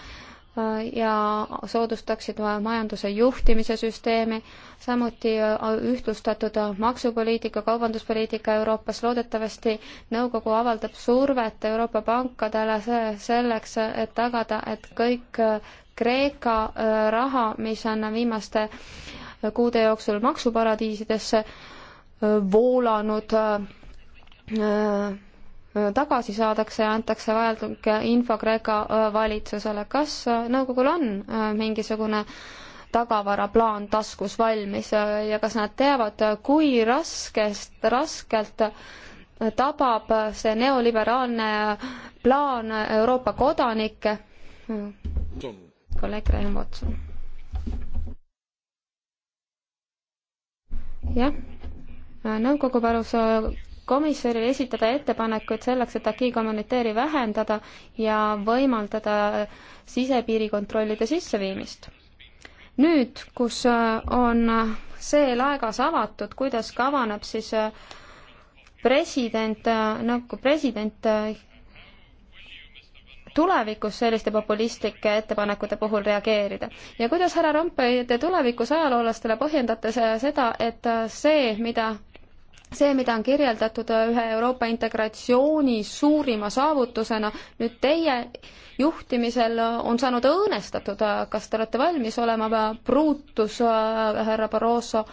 ja soodustaksid majanduse juhtimise süsteemi, samuti äh, ühtlustatud maksupoliitika, kaubanduspoliitika Euroopas. loodetavasti nõukogu avaldab survet Euroopa pankadele selleks, et tagada, et kõik äh, Kreeka äh, raha, mis on viimaste kuude jooksul maksuparadiisidesse voolanud, tagasi saadakse ja antakse vajalik info Kreeka äh, valitsusele. kas äh, nõukogul on äh, mingisugune tagavaraplaan taskus valmis ja kas nad teavad, kui raskest, raskelt tabab see neoliberaalne plaan Euroopa kodanikke? kolleeg Rein Votson. jah, nõukogu palus komisjonile esitada ettepanekuid selleks, et AKI kommuniteeri vähendada ja võimaldada sisepiirikontrollide sisseviimist. nüüd, kus äh, on see laegas avatud, kuidas kavaneb siis äh, president, äh, nagu president tulevikus selliste populistlike ettepanekute puhul reageerida? ja kuidas, härra Rompuy, te tulevikus ajaloolastele põhjendate seda, et see, mida see, mida on kirjeldatud äh, ühe Euroopa integratsiooni suurima saavutusena, nüüd teie juhtimisel äh, on saanud õõnestatud, äh, kas te olete valmis olema pruutus, härra Barroso,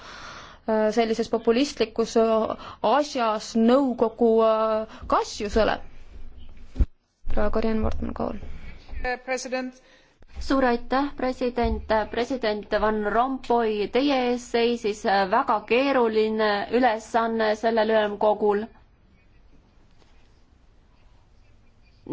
sellises populistlikus asjas nõukogu kasjusele? proua Karin Wortmann-Kool suur aitäh, president, president Van Rompuy, teie ees seisis väga keeruline ülesanne sellel ülemkogul.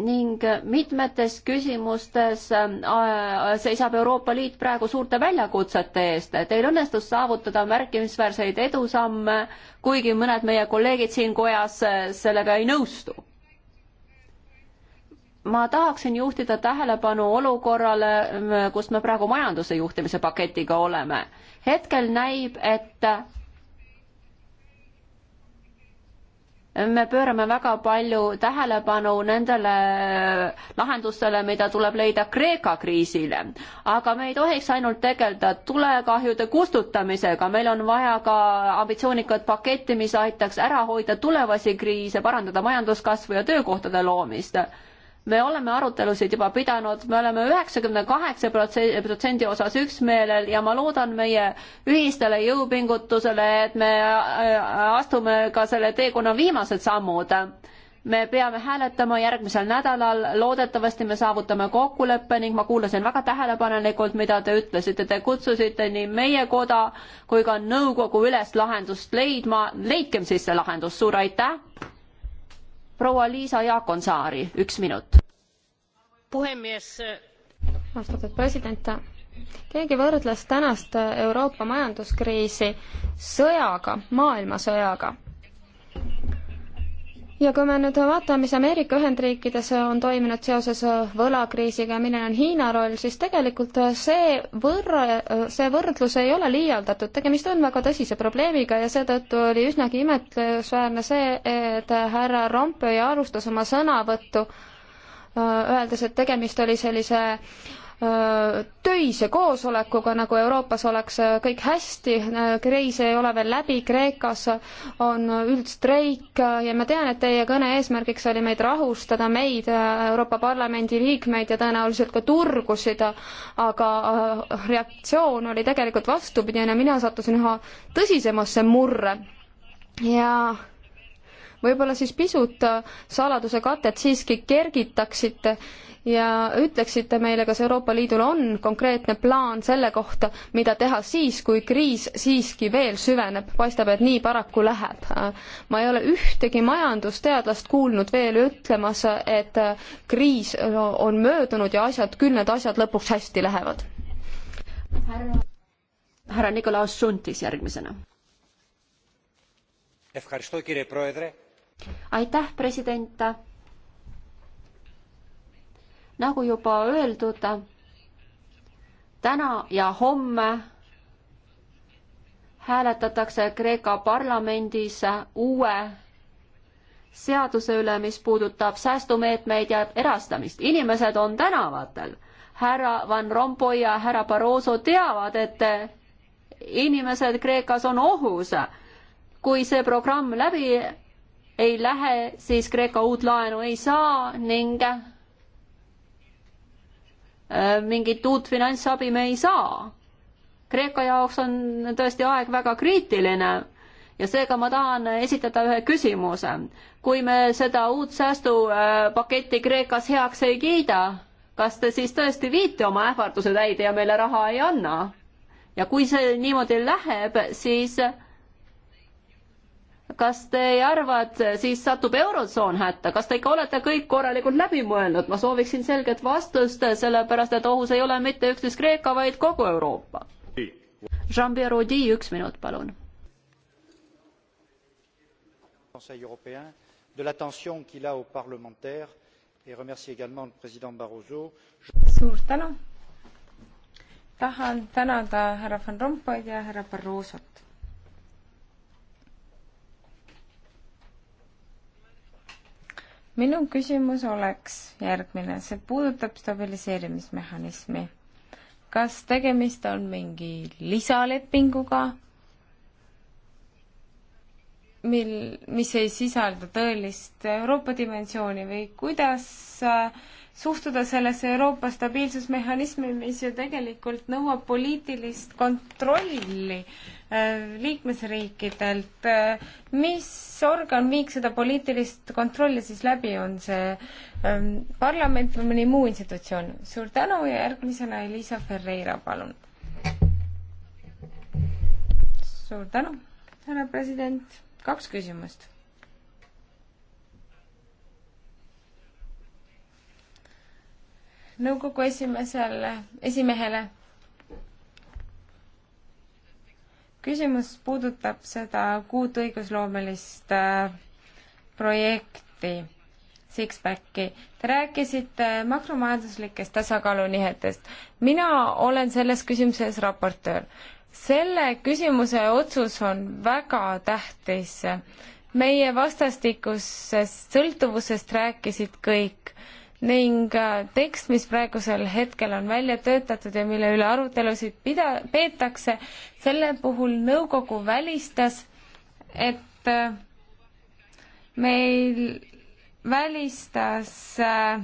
ning mitmetes küsimustes äh, seisab Euroopa Liit praegu suurte väljakutsete eest. Teil õnnestus saavutada märkimisväärseid edusamme, kuigi mõned meie kolleegid siin kojas äh, sellega ei nõustu ma tahaksin juhtida tähelepanu olukorrale, kus me praegu majanduse juhtimise paketiga oleme. hetkel näib, et me pöörame väga palju tähelepanu nendele lahendustele, mida tuleb leida Kreeka kriisile. aga me ei tohiks ainult tegeleda tulekahjude kustutamisega, meil on vaja ka ambitsioonikat paketti, mis aitaks ära hoida tulevasi kriise, parandada majanduskasvu ja töökohtade loomist me oleme arutelusid juba pidanud, me oleme üheksakümne kaheksa protsendi osas üksmeelel ja ma loodan meie ühistele jõupingutusele, et me äh, astume ka selle teekonna viimased sammud. me peame hääletama järgmisel nädalal, loodetavasti me saavutame kokkuleppe ning ma kuulasin väga tähelepanelikult, mida te ütlesite, te kutsusite nii meie koda kui ka nõukogu üles lahendust leidma, leidkem siis see lahendus, suur aitäh! proua Liisa Jaakonsaari, üks minut. puhemees. austatud president, keegi võrdles tänast Euroopa majanduskriisi sõjaga, maailmasõjaga ja kui me nüüd vaatame, mis Ameerika Ühendriikides on toimunud seoses äh, võlakriisiga ja milline on Hiina roll, siis tegelikult äh, see võrra, äh, see võrdlus ei ole liialdatud, tegemist on väga tõsise probleemiga ja seetõttu oli üsnagi imetlusväärne see, et härra Rompuy alustas oma sõnavõttu öeldes, et tegemist oli sellise äh, Äh, töise koosolekuga, nagu Euroopas oleks äh, kõik hästi, äh, kriis ei ole veel läbi, Kreekas on üldstreik ja ma tean, et teie kõne eesmärgiks oli meid rahustada, meid, Euroopa Parlamendi liikmeid ja tõenäoliselt ka turgusid, aga reaktsioon oli tegelikult vastupidine, mina sattusin üha tõsisemasse murre ja võib-olla siis pisut äh, saladuse katet siiski kergitaksite ja ütleksite meile, kas Euroopa Liidul on konkreetne plaan selle kohta, mida teha siis, kui kriis siiski veel süveneb. paistab, et nii paraku läheb. ma ei ole ühtegi majandusteadlast kuulnud veel ütlemas, et äh, kriis äh, on möödunud ja asjad, küll need asjad lõpuks hästi lähevad. härra, härra Nikolaus Šuntis järgmisena aitäh, president. nagu juba öeldud, täna ja homme hääletatakse Kreeka parlamendis uue seaduse üle, mis puudutab säästumeetmeid ja erastamist. inimesed on tänavatel. härra Van Rompuy ja härra Barroso teavad, et inimesed Kreekas on ohus. kui see programm läbi ei lähe, siis Kreeka uut laenu ei saa ning äh, mingit uut finantsabi me ei saa. Kreeka jaoks on tõesti aeg väga kriitiline ja seega ma tahan esitada ühe küsimuse. kui me seda uut säästupaketti Kreekas heaks ei kiida, kas te siis tõesti viite oma ähvarduse täide ja meile raha ei anna? ja kui see niimoodi läheb, siis kas te ei arva, et siis satub Eurotsoon hätta, kas te ikka olete kõik korralikult läbi mõelnud, ma sooviksin selget vastust, sellepärast et ohus ei ole mitte üksnes Kreeka, vaid kogu Euroopa. Jean-Pierre Audi, üks minut, palun. Conseil européen de l'attention qu'il a aux parlementaires et remercie également le président Barroso. suur tänu. tahan tänada härra Van Rompuyd ja härra Barrosot minu küsimus oleks järgmine, see puudutab stabiliseerimismehhanismi. kas tegemist on mingi lisalepinguga, mil, mis ei sisalda tõelist Euroopa dimensiooni või kuidas äh, suhtuda sellesse Euroopa stabiilsusmehhanismi, mis ju tegelikult nõuab poliitilist kontrolli äh, liikmesriikidelt. Äh, mis organ viiks seda poliitilist kontrolli siis läbi, on see ähm, parlament või mõni muu institutsioon? suur tänu ja järgmisena Elisa Ferreira, palun. suur tänu, härra president. kaks küsimust nõukogu esimesele, esimehele. küsimus puudutab seda kuut õigusloomelist äh, projekti, Sixpacki. Te rääkisite makromajanduslikest tasakaalunihetest. mina olen selles küsimuses raportöör. selle küsimuse otsus on väga tähtis meie vastastikusest sõltuvusest rääkisid kõik ning äh, tekst, mis praegusel hetkel on välja töötatud ja mille üle arutelusid pida-, peetakse, selle puhul nõukogu välistas, et äh, meil välistas äh,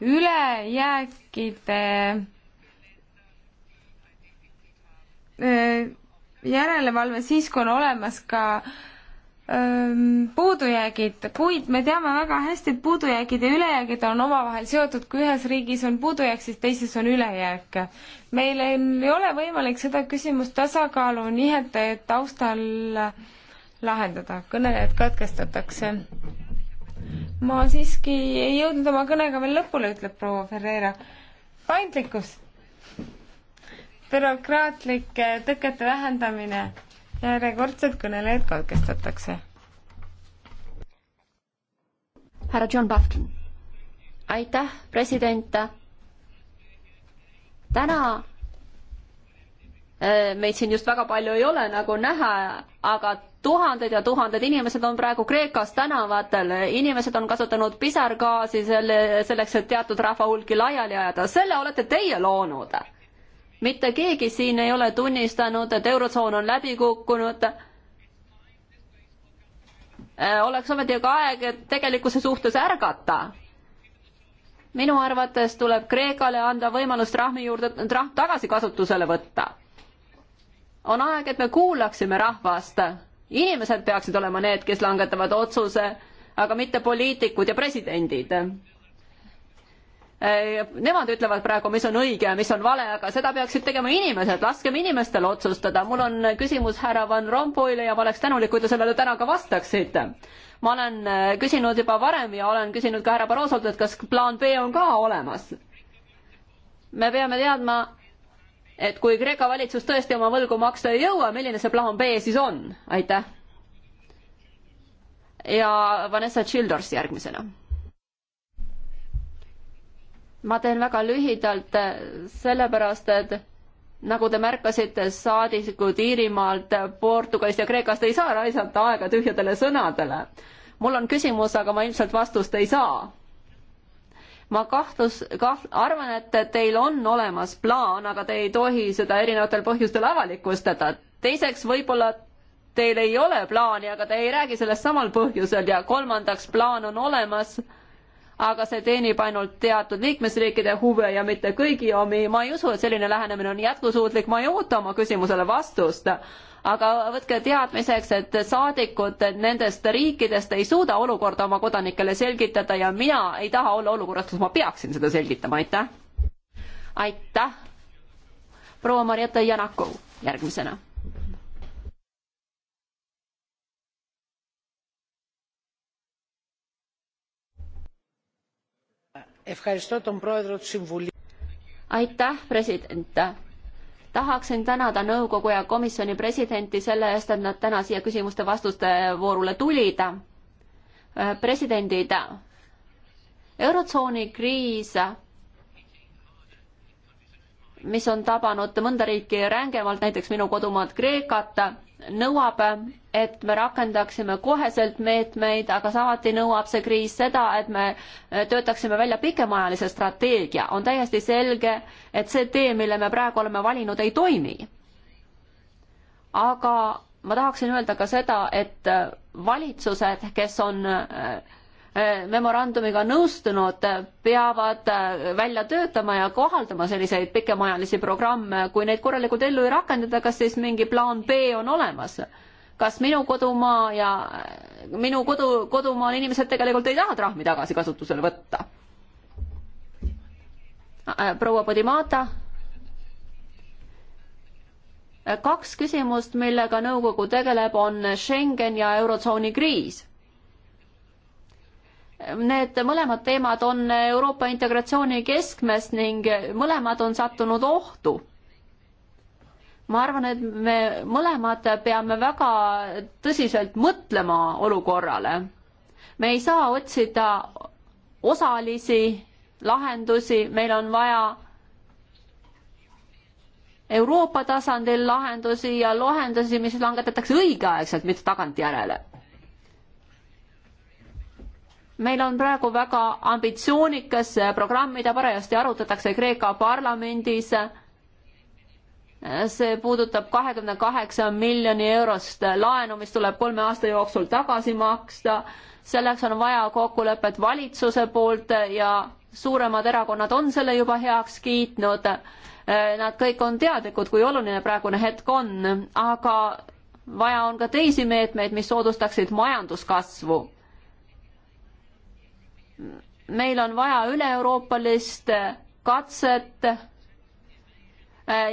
ülejääkide järelevalve siis, kui on olemas ka äh, puudujäägid, kuid me teame väga hästi, et puudujäägid ja ülejäägid on omavahel seotud, kui ühes riigis on puudujääk, siis teises on ülejääk. meil ei ole võimalik seda küsimust tasakaalu nihete taustal lahendada, kõnelejad katkestatakse. ma siiski ei jõudnud oma kõnega veel lõpule, ütleb proua Ferreira. paindlikkus, bürokraatlike tõkete vähendamine järjekordselt kõnelejad katkestatakse. härra John Bufton. aitäh, president. täna äh, meid siin just väga palju ei ole, nagu näha, aga tuhanded ja tuhanded inimesed on praegu Kreekas tänavatel, inimesed on kasutanud pisargaasi selle, selleks, et teatud rahvahulki laiali ajada, selle olete teie loonud mitte keegi siin ei ole tunnistanud, et Eurotsoon on läbi kukkunud. Äh, oleks ometi aga aeg tegelikkuse suhtes ärgata. minu arvates tuleb Kreekale anda võimalus trahvi juurde, trahv tagasi kasutusele võtta. on aeg, et me kuulaksime rahvast. inimesed peaksid olema need, kes langetavad otsuse, aga mitte poliitikud ja presidendid Äh, nemad ütlevad praegu, mis on õige ja mis on vale, aga seda peaksid tegema inimesed, laskem inimestel otsustada. mul on küsimus härra Van Rompuyle ja ma oleks tänulik, kui te sellele täna ka vastaksite. ma olen äh, küsinud juba varem ja olen küsinud ka härra Barrosolt, et kas plaan B on ka olemas. me peame teadma, et kui Kreeka valitsus tõesti oma võlgu maksta ei jõua, milline see plaan B siis on? aitäh. ja Vanessa Childers järgmisena ma teen väga lühidalt, sellepärast et nagu te märkasite, saadikud Iirimaalt, Portugalist ja Kreekast ei saa raisata aega tühjadele sõnadele. mul on küsimus, aga ma ilmselt vastust ei saa. ma kahtlus, kaht-, arvan, et teil on olemas plaan, aga te ei tohi seda erinevatel põhjustel avalikustada. teiseks, võib-olla teil ei ole plaani, aga te ei räägi sellest samal põhjusel ja kolmandaks, plaan on olemas aga see teenib ainult teatud liikmesriikide huve ja mitte kõigi omi. ma ei usu, et selline lähenemine on jätkusuutlik, ma ei oota oma küsimusele vastust. aga võtke teadmiseks, et saadikud nendest riikidest ei suuda olukorda oma kodanikele selgitada ja mina ei taha olla olukorras, kus ma peaksin seda selgitama, aitäh. aitäh. proua Marietta Janakov järgmisena aitäh, president. tahaksin tänada nõukogu ja komisjoni presidenti selle eest, et nad täna siia küsimuste-vastuste voorule tulid. Äh, presidendid, eurotsooni kriis mis on tabanud mõnda riiki rängemalt, näiteks minu kodumaad Kreekat nõuab, et me rakendaksime koheselt meetmeid, aga samuti nõuab see kriis seda, et me töötaksime välja pikemaajalise strateegia. on täiesti selge, et see tee, mille me praegu oleme valinud, ei toimi. aga ma tahaksin öelda ka seda, et valitsused, kes on äh, Äh, memorandumiga nõustunud, peavad äh, välja töötama ja kohaldama selliseid pikemaajalisi programme, kui neid korralikult ellu ei rakendada, kas siis mingi plaan B on olemas? kas minu kodumaa ja äh, minu kodu, kodumaal inimesed tegelikult ei taha trahmi tagasi kasutusele võtta? proua Podimata kaks küsimust, millega nõukogu tegeleb, on Schengen ja Eurotsooni kriis. Need mõlemad teemad on Euroopa integratsiooni keskmes ning mõlemad on sattunud ohtu. ma arvan, et me mõlemad peame väga tõsiselt mõtlema olukorrale. me ei saa otsida osalisi lahendusi, meil on vaja Euroopa tasandil lahendusi ja lahendusi, mis langetatakse õigeaegselt, mitte tagantjärele meil on praegu väga ambitsioonikas programm, mida parajasti arutatakse Kreeka parlamendis. see puudutab kahekümne kaheksa miljoni eurost laenu, mis tuleb kolme aasta jooksul tagasi maksta. selleks on vaja kokkulepet valitsuse poolt ja suuremad erakonnad on selle juba heaks kiitnud. Nad kõik on teadlikud, kui oluline praegune hetk on, aga vaja on ka teisi meetmeid, mis soodustaksid majanduskasvu meil on vaja üle-euroopalist katset äh,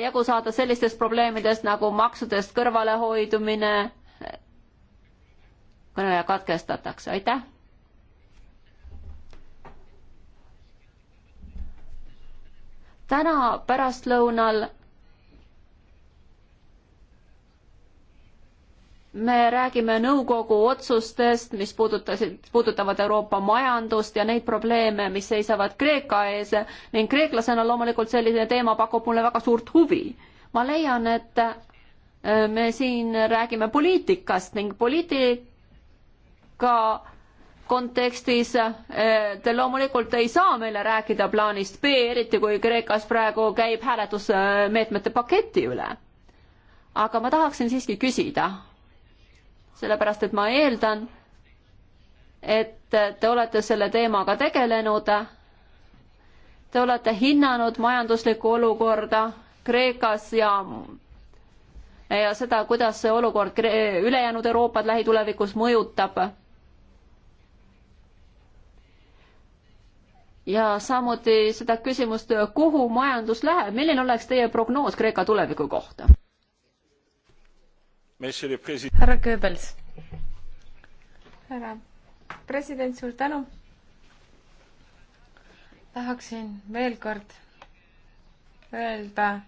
jagu saada sellistest probleemidest nagu maksudest kõrvalehoidumine. kõneleja katkestatakse, aitäh. täna pärastlõunal me räägime nõukogu otsustest, mis puudutasid, puudutavad Euroopa majandust ja neid probleeme, mis seisavad Kreeka ees ning kreeklasena loomulikult selline teema pakub mulle väga suurt huvi. ma leian, et äh, me siin räägime poliitikast ning poliitika kontekstis äh, te loomulikult ei saa meile rääkida plaanist B, eriti kui Kreekas praegu käib hääletus meetmete paketi üle. aga ma tahaksin siiski küsida sellepärast et ma eeldan, et te olete selle teemaga tegelenud. Te olete hinnanud majanduslikku olukorda Kreekas ja ja seda, kuidas see olukord ülejäänud Euroopat lähitulevikus mõjutab. ja samuti seda küsimust, kuhu majandus läheb, milline oleks teie prognoos Kreeka tuleviku kohta? härra Goebbels. härra president, suur tänu. tahaksin veel kord öelda,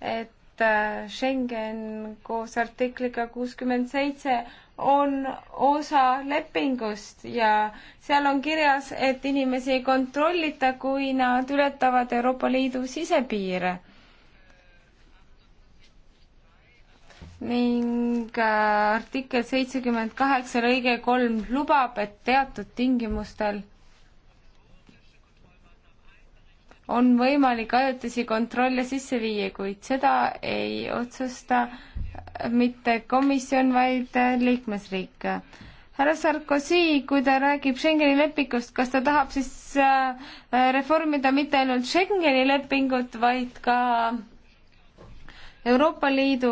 et äh, Schengen koos artikliga kuuskümmend seitse on osa lepingust ja seal on kirjas, et inimesi ei kontrollita, kui nad ületavad Euroopa Liidu sisepiire. ning äh, artikkel seitsekümmend kaheksa lõige kolm lubab, et teatud tingimustel on võimalik ajutisi kontrolle sisse viia, kuid seda ei otsusta mitte komisjon, vaid liikmesriik. härra Sarkozy, kui ta räägib Schengeni lepingust, kas ta tahab siis äh, reformida mitte ainult Schengeni lepingut, vaid ka äh, Euroopa Liidu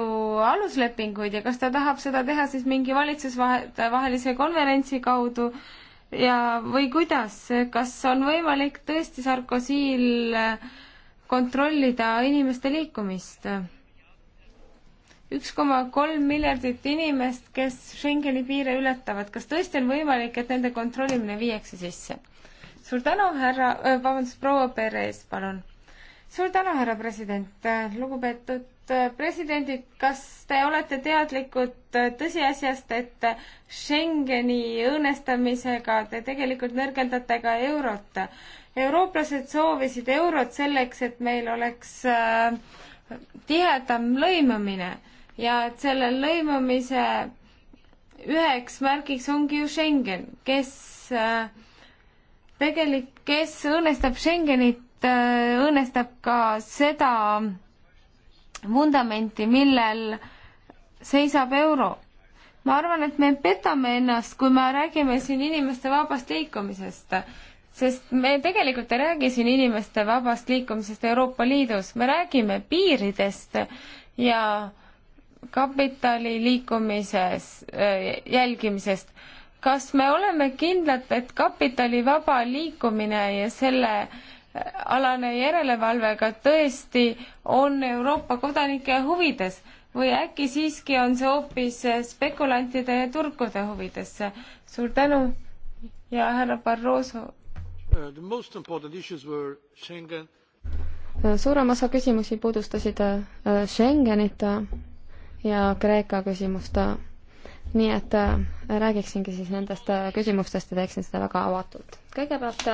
aluslepinguid ja kas ta tahab seda teha siis mingi valitsusvahelise konverentsi kaudu ja, või kuidas, kas on võimalik tõesti Sarkozil kontrollida inimeste liikumist? üks koma kolm miljardit inimest, kes Schengeni piire ületavad, kas tõesti on võimalik, et nende kontrollimine viiakse sisse? suur tänu, härra, äh, vabandust, proua Perez, palun. suur tänu, härra president, äh, lugupeetud Äh, presidendid, kas te olete teadlikud äh, tõsiasjast, et Schengeni õõnestamisega te tegelikult nõrgendate ka eurot? eurooplased soovisid eurot selleks, et meil oleks äh, tihedam lõimumine ja et selle lõimumise üheks märgiks ongi ju Schengen, kes tegelik, kes õõnestab Schengenit, õõnestab ka seda vundamenti, millel seisab euro. ma arvan, et me petame ennast, kui me räägime siin inimeste vabast liikumisest, sest me tegelikult ei räägi siin inimeste vabast liikumisest Euroopa Liidus, me räägime piiridest ja kapitali liikumises äh,, jälgimisest. kas me oleme kindlad, et kapitali vaba liikumine ja selle äh, alane järelevalve ka tõesti on Euroopa kodanike huvides või äkki siiski on see hoopis spekulantide ja turgude huvides? suur tänu ja härra Barroso. suurem osa küsimusi puudustasid äh, Schengenit äh, ja Kreeka küsimust. nii et äh, räägiksingi siis nendest küsimustest ja teeksin seda väga avatult. kõigepealt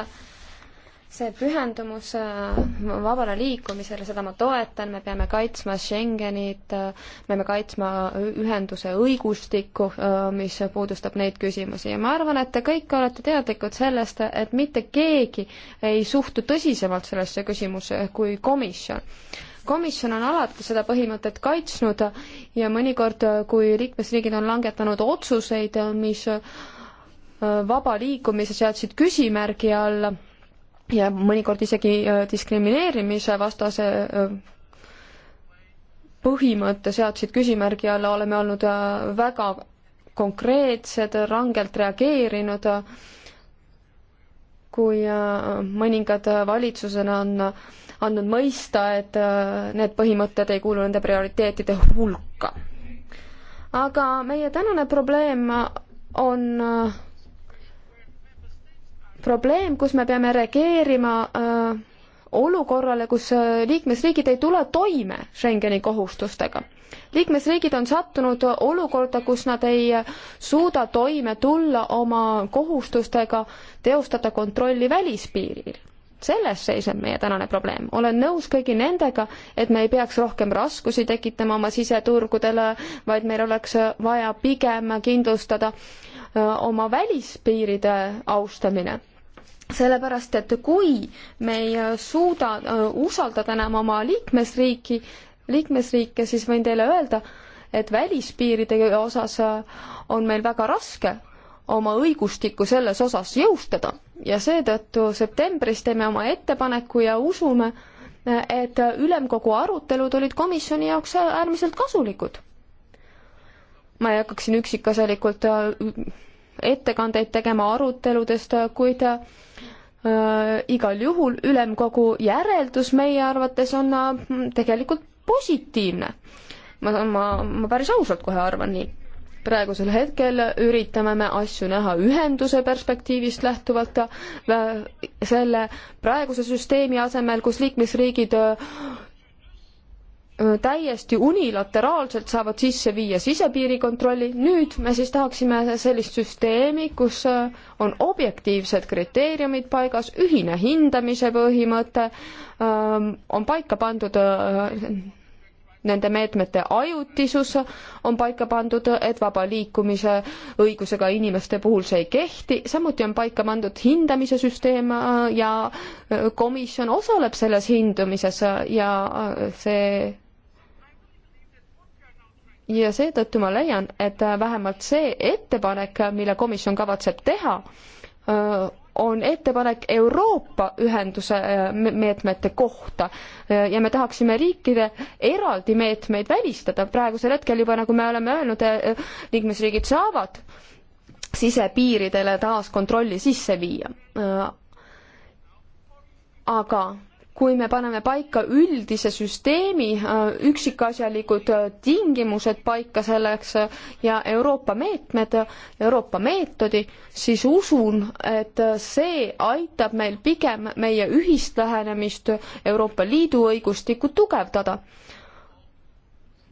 see pühendumus äh, vabale liikumisele, seda ma toetan, me peame kaitsma Schengenit, äh, me peame kaitsma ühenduse õigustikku, äh, mis puudustab neid küsimusi ja ma arvan, et te kõik olete teadlikud sellest, et mitte keegi ei suhtu tõsisemalt sellesse küsimusse kui komisjon komisjon on alati seda põhimõtet kaitsnud ja mõnikord, kui liikmesriigid on langetanud otsuseid, mis vaba liikumise seadsid küsimärgi alla ja mõnikord isegi äh, diskrimineerimise vastase äh, põhimõtte seadsid küsimärgi alla, oleme olnud äh, väga konkreetsed, rangelt reageerinud, kui mõningad valitsused on andnud mõista, et need põhimõtted ei kuulu nende prioriteetide hulka. aga meie tänane probleem on probleem, kus me peame reageerima äh, olukorrale, kus äh, liikmesriigid ei tule toime Schengeni kohustustega. liikmesriigid on sattunud olukorda, kus nad ei äh, suuda toime tulla oma kohustustega teostada kontrolli välispiiril. selles seisneb meie tänane probleem. olen nõus kõigi nendega, et me ei peaks rohkem raskusi tekitama oma siseturgudele, vaid meil oleks äh, vaja pigem kindlustada oma välispiiride austamine sellepärast, et kui me ei äh, suuda äh, usaldada enam oma liikmesriiki, liikmesriike, siis võin teile öelda, et välispiiride osas äh, on meil väga raske oma õigustikku selles osas jõustada ja seetõttu septembris teeme oma ettepaneku ja usume, et ülemkogu arutelud olid komisjoni jaoks äärmiselt kasulikud. ma ei hakkaks siin üksikasjalikult ettekandeid tegema aruteludest, kuid Äh, igal juhul ülemkogu järeldus meie arvates on äh, tegelikult positiivne. ma, ma, ma päris ausalt kohe arvan nii. praegusel hetkel üritame me asju näha ühenduse perspektiivist lähtuvalt äh, selle praeguse süsteemi asemel, kus liikmesriigid täiesti unilateraalselt saavad sisse viia sisepiirikontrolli, nüüd me siis tahaksime sellist süsteemi, kus on objektiivsed kriteeriumid paigas, ühine hindamise põhimõte, on paika pandud nende meetmete ajutisus on paika pandud, et vaba liikumise õigusega inimeste puhul see ei kehti, samuti on paika pandud hindamise süsteem ja komisjon osaleb selles hindamises ja see ja seetõttu ma leian, et äh, vähemalt see ettepanek, äh, mille komisjon kavatseb teha, äh, on ettepanek Euroopa ühenduse meetmete kohta ja me tahaksime riikide eraldi meetmeid välistada, praegusel hetkel juba nagu me oleme öelnud, liikmesriigid saavad sisepiiridele taas kontrolli sisse viia. aga kui me paneme paika üldise süsteemi, äh, üksikasjalikud äh, tingimused paika selleks äh, ja Euroopa meetmed, Euroopa meetodi, siis usun, et see aitab meil pigem meie ühist lähenemist Euroopa Liidu õigustikku tugevdada.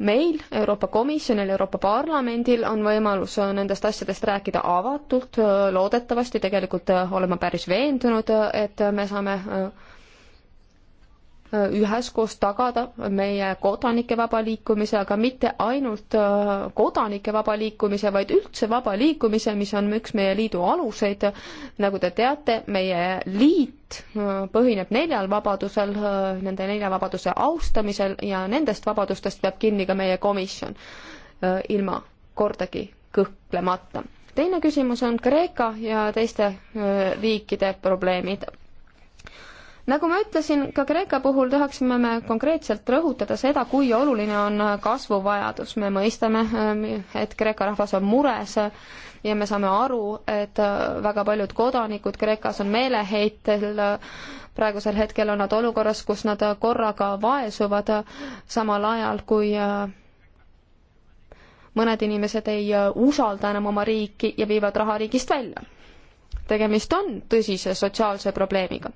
meil, Euroopa Komisjonil, Euroopa Parlamendil on võimalus nendest asjadest rääkida avatult, loodetavasti tegelikult olen ma päris veendunud, et me saame Äh, üheskoos tagada meie kodanike vaba liikumise, aga mitte ainult äh, kodanike vaba liikumise, vaid üldse vaba liikumise, mis on üks meie liidu aluseid. nagu te teate, meie liit äh, põhineb neljal vabadusel, nende nelja vabaduse austamisel ja nendest vabadustest peab kinni ka meie komisjon ilma kordagi kõhklemata. teine küsimus on Kreeka ja teiste riikide probleemid nagu ma ütlesin, ka Kreeka puhul tahaksime me konkreetselt rõhutada seda, kui oluline on kasvuvajadus. me mõistame, et Kreeka rahvas on mures ja me saame aru, et väga paljud kodanikud Kreekas on meeleheitel, praegusel hetkel on nad olukorras, kus nad korraga vaesuvad, samal ajal kui mõned inimesed ei usalda enam oma riiki ja viivad raha riigist välja. tegemist on tõsise sotsiaalse probleemiga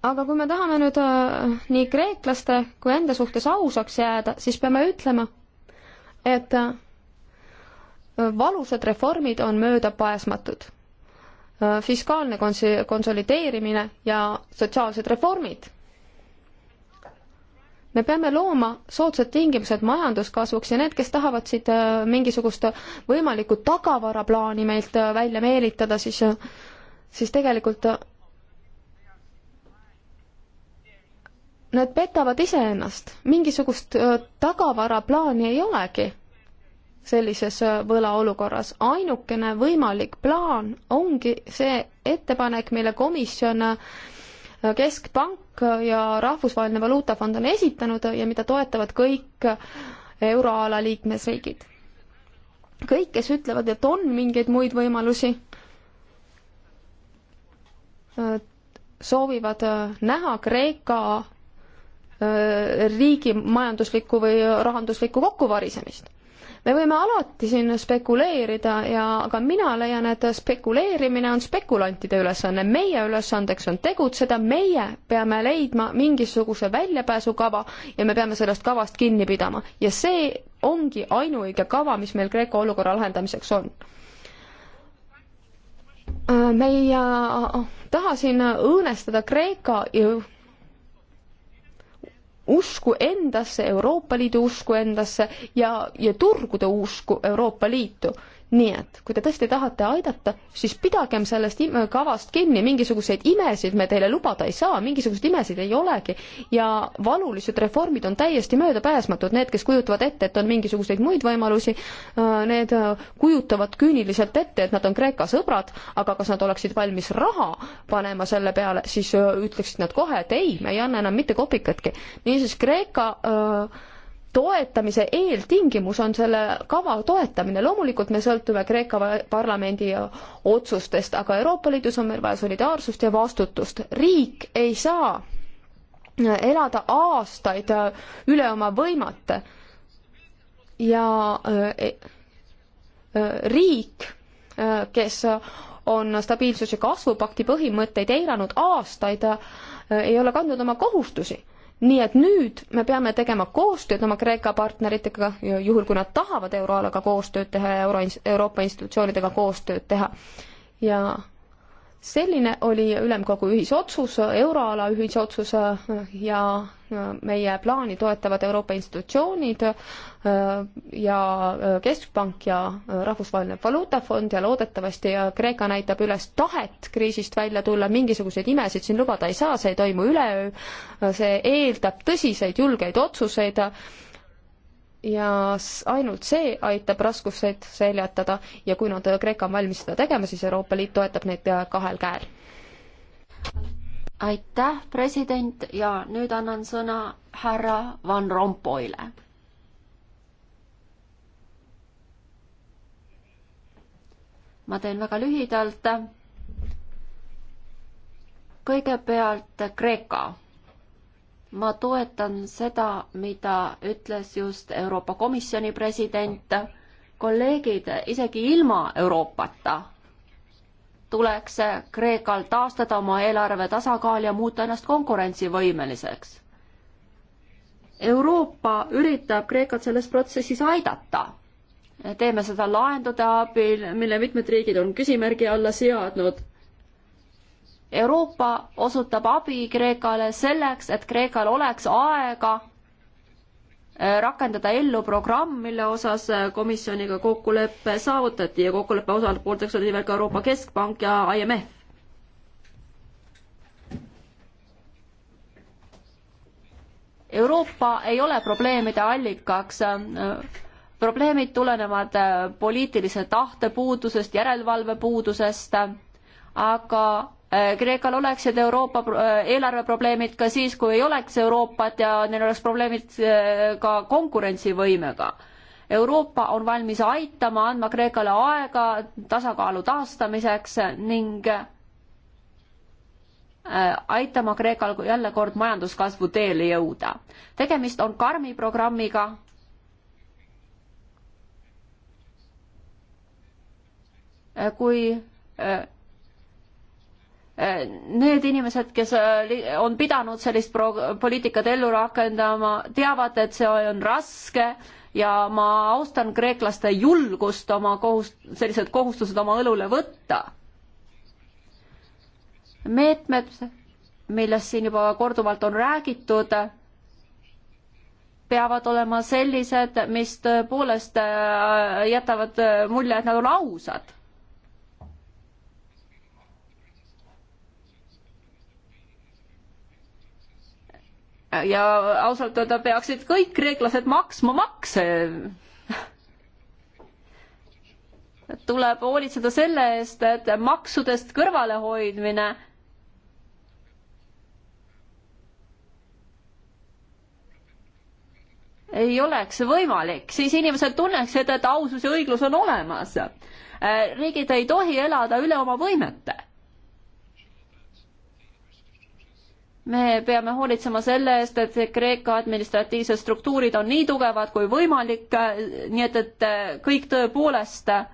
aga kui me tahame nüüd äh, nii kreeklaste kui enda suhtes ausaks jääda, siis peame ütlema, et äh, valusad reformid on möödapääsmatud äh,. fiskaalne kons-, konsolideerimine ja sotsiaalsed reformid. me peame looma soodsad tingimused majanduskasvuks ja need, kes tahavad siit äh, mingisugust võimalikku tagavaraplaani meilt äh, välja meelitada, siis äh, siis tegelikult Nad petavad iseennast, mingisugust tagavaraplaani ei olegi sellises võlaolukorras. ainukene võimalik plaan ongi see ettepanek, mille komisjon Keskpank ja Rahvusvaheline Valuutafond on esitanud ja mida toetavad kõik euroala liikmesriigid. kõik, kes ütlevad, et on mingeid muid võimalusi, soovivad näha Kreeka Äh, riigi majanduslikku või rahanduslikku kokkuvarisemist me võime alati siin spekuleerida ja, aga mina leian, et spekuleerimine on spekulantide ülesanne, meie ülesandeks on tegutseda, meie peame leidma mingisuguse väljapääsukava ja me peame sellest kavast kinni pidama ja see ongi ainuõige kava, mis meil Kreeka olukorra lahendamiseks on äh, me ei äh, taha siin õõnestada Kreeka usku endasse, Euroopa Liidu usku endasse ja, ja turgude usku Euroopa Liitu nii et kui te tõesti tahate aidata, siis pidagem sellest kavast kinni, mingisuguseid imesid me teile lubada ei saa, mingisuguseid imesid ei olegi ja valulised reformid on täiesti möödapääsmatud, need, kes kujutavad ette, et on mingisuguseid muid võimalusi, äh, need äh, kujutavad küüniliselt ette, et nad on Kreeka sõbrad, aga kas nad oleksid valmis raha panema selle peale, siis äh, ütleksid nad kohe, et ei, me ei anna enam mitte kopikatki. niisiis Kreeka öö, toetamise eeltingimus on selle kava toetamine. loomulikult me sõltume Kreeka parlamendi otsustest, aga Euroopa Liidus on meil vaja solidaarsust ja vastutust. riik ei saa elada aastaid üle oma võimate ja e, e, riik, e, kes on stabiilsus- ja kasvupakti põhimõtteid eiranud aastaid, ei ole kandnud oma kohustusi nii et nüüd me peame tegema koostööd oma Kreeka partneritega, juhul kui nad tahavad euroalaga koostööd teha ja euro, Euroopa institutsioonidega koostööd teha. ja selline oli ülemkogu ühisotsus, euroala ühisotsus äh, ja äh, meie plaani toetavad Euroopa institutsioonid äh, ja Keskpank ja Rahvusvaheline Valuutafond ja loodetavasti Kreeka näitab üles tahet kriisist välja tulla, mingisuguseid imesid siin lubada ei saa, see ei toimu üleöö, see eeldab tõsiseid julgeid otsuseid ja ainult see aitab raskuseid seljatada ja kui nad, Kreeka on valmis seda tegema, siis Euroopa Liit toetab neid äh, kahel käel. aitäh, president, ja nüüd annan sõna härra Van Rompuyle. ma teen väga lühidalt. kõigepealt Kreeka ma toetan seda, mida ütles just Euroopa Komisjoni president. kolleegid, isegi ilma Euroopata tuleks Kreekal taastada oma eelarve tasakaal ja muuta ennast konkurentsivõimeliseks. Euroopa üritab Kreekat selles protsessis aidata. teeme seda laendude abil, mille mitmed riigid on küsimärgi alla seadnud Euroopa osutab abi Kreekale selleks, et Kreekal oleks aega äh, rakendada ellu programm, mille osas äh, komisjoniga kokkulepe saavutati ja kokkuleppe osapoolteks oli veel ka Euroopa Keskpank ja IMF. Euroopa ei ole probleemide allikaks. Äh, probleemid tulenevad poliitilise tahte puudusest, järelevalve puudusest, aga Äh, Kreekal oleksid Euroopa äh, eelarveprobleemid ka siis, kui ei oleks Euroopat ja neil oleks probleemid äh, ka konkurentsivõimega. Euroopa on valmis aitama, andma Kreekale aega tasakaalu taastamiseks ning aitama Kreekal jälle kord majanduskasvu teele jõuda. tegemist on karmi programmiga. kui Need inimesed, kes äh, on pidanud sellist pro-, poliitikat ellu rakendama, teavad, et see on raske ja ma austan kreeklaste julgust oma kohust-, sellised kohustused oma õlule võtta. meetmed, millest siin juba korduvalt on räägitud, peavad olema sellised, mis tõepoolest äh, jätavad mulje, et nad on ausad ja ausalt öelda peaksid kõik kreeklased maksma makse. tuleb hoolitseda selle eest, et maksudest kõrvalehoidmine ei oleks võimalik, siis inimesed tunneksid, et ausus ja õiglus on olemas. riigid ei tohi elada üle oma võimete me peame hoolitsema selle eest, et Kreeka administratiivsed struktuurid on nii tugevad kui võimalik, äh, nii et, et äh, kõik tõepoolest, äh,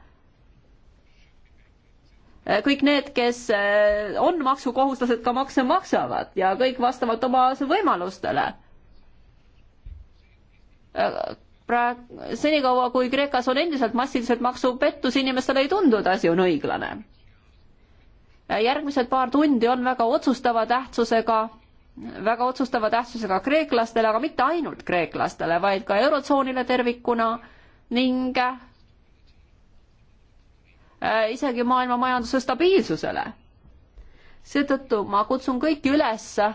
kõik need, kes on maksukohuslased, ka makse maksavad ja kõik vastavalt oma võimalustele. praegu, senikaua kui Kreekas on endiselt massiliselt maksupettusi, inimestele ei tundu, et asi on õiglane järgmised paar tundi on väga otsustava tähtsusega, väga otsustava tähtsusega kreeklastele, aga mitte ainult kreeklastele, vaid ka Eurotsoonile tervikuna ning äh, isegi maailma majanduse stabiilsusele. seetõttu ma kutsun kõiki üles, äh,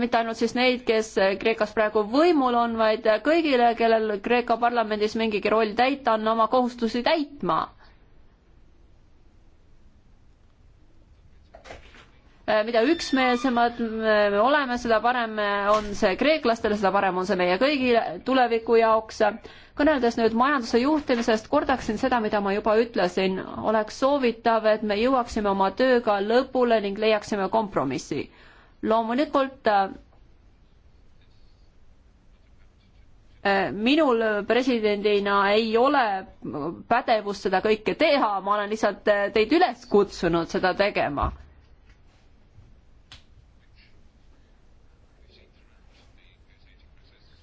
mitte ainult siis neid, kes Kreekas praegu võimul on, vaid kõigile, kellel Kreeka parlamendis mingigi roll täita on, oma kohustusi täitma Äh, mida üksmeelsemad me oleme, seda parem on see kreeklastele, seda parem on see meie kõigi tuleviku jaoks. kõneldes nüüd majanduse juhtimisest, kordaksin seda, mida ma juba ütlesin, oleks soovitav, et me jõuaksime oma tööga lõpule ning leiaksime kompromissi. loomulikult äh, äh, minul presidendina ei ole pädevust seda kõike teha, ma olen lihtsalt teid üles kutsunud seda tegema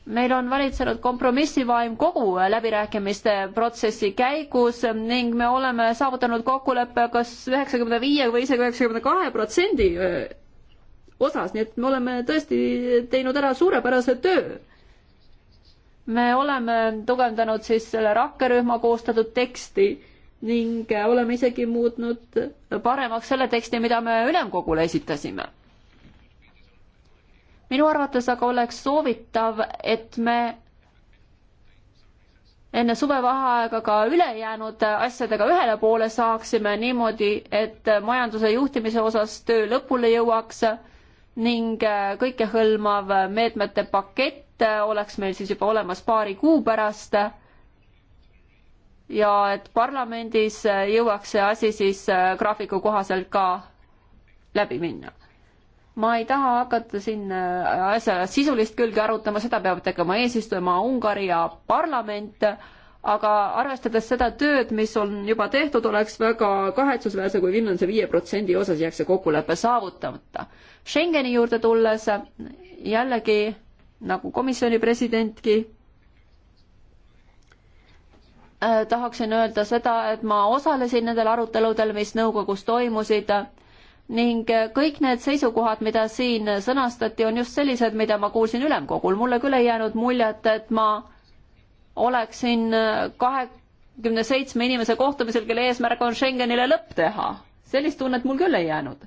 meil on valitsenud kompromissivaim kogu läbirääkimiste protsessi käigus ning me oleme saavutanud kokkuleppe kas üheksakümne viie või isegi üheksakümne kahe protsendi äh, osas, nii et me oleme tõesti teinud ära suurepärase töö. me oleme tugevdanud siis selle rakkerühma koostatud teksti ning oleme isegi muutnud paremaks selle teksti, mida me ülemkogule esitasime minu arvates aga oleks soovitav, et me enne suvevaheaega ka ülejäänud asjadega ühele poole saaksime niimoodi, et majanduse juhtimise osas töö lõpule jõuaks ning kõikehõlmav meetmete pakett oleks meil siis juba olemas paari kuu pärast. ja et parlamendis jõuaks see asi siis graafiku kohaselt ka läbi minna ma ei taha hakata siin äh, asja sisulist külge arutama, seda peab tegema eesistujama Ungari ja parlament, aga arvestades seda tööd, mis on juba tehtud, oleks väga kahetsusväärse, kui Finlandise viie protsendi osas jääks see kokkulepe saavutamata. Schengeni juurde tulles jällegi nagu komisjoni presidentki äh, tahaksin öelda seda, et ma osalesin nendel aruteludel, mis nõukogus toimusid ning äh, kõik need seisukohad, mida siin sõnastati, on just sellised, mida ma kuulsin ülemkogul. mulle küll ei jäänud muljet, et ma oleksin äh, kahekümne seitsme inimese kohtumisel, kelle eesmärk on Schengenile lõpp teha. sellist tunnet mul küll ei jäänud.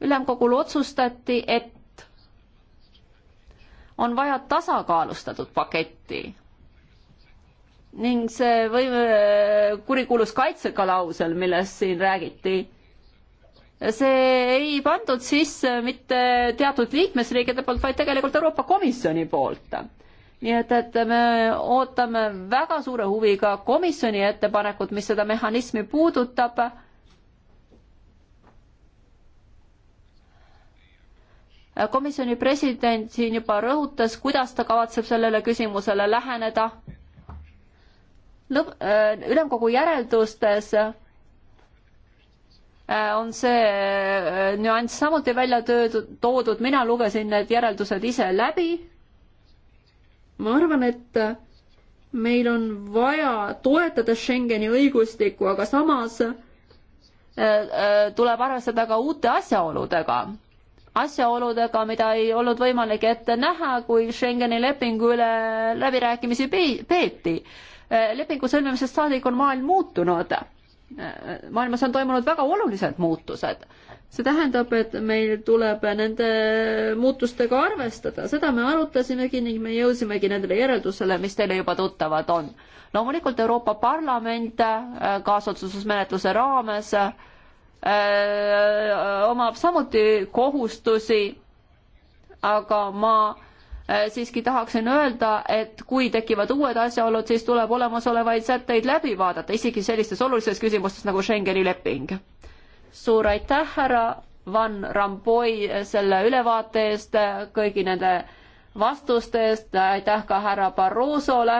ülemkogul otsustati, et on vaja tasakaalustatud paketti ning see võime, kurikuulus kaitseklausel, millest siin räägiti, see ei pandud sisse mitte teatud liikmesriikide poolt, vaid tegelikult Euroopa Komisjoni poolt. nii et, et me ootame väga suure huviga komisjoni ettepanekut, mis seda mehhanismi puudutab komisjoni president siin juba rõhutas, kuidas ta kavatseb sellele küsimusele läheneda lõpp, äh, ülemkogu järeldustes äh, on see äh, nüanss samuti välja töödud, toodud, mina lugesin need järeldused ise läbi. ma arvan, et meil on vaja toetada Schengeni õigustikku, aga samas tuleb arvestada ka uute asjaoludega. asjaoludega, mida ei olnud võimalik ette näha, kui Schengeni lepingu üle läbirääkimisi peeti Eh, lepingu sõlmimisest saadik on maailm muutunud. Eh, maailmas on toimunud väga olulised muutused. see tähendab, et meil tuleb nende muutustega arvestada, seda me arutasimegi ning me jõudsimegi nendele järeldusele, mis teile juba tuttavad on. loomulikult Euroopa Parlament eh, kaasotsusmenetluse raames öö, omab samuti kohustusi, aga ma Äh, siiski tahaksin öelda, et kui tekivad uued asjaolud, siis tuleb olemasolevaid sätteid läbi vaadata, isegi sellistes olulistes küsimustes nagu Schengeni leping. suur aitäh, härra Van Rompuy selle ülevaate eest, kõigi nende vastuste eest, aitäh ka härra Barrosole.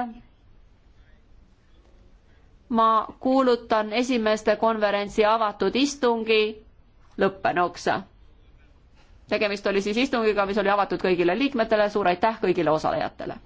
ma kuulutan esimeste konverentsi avatud istungi lõppenuks tegemist oli siis istungiga, mis oli avatud kõigile liikmetele, suur aitäh kõigile osalejatele!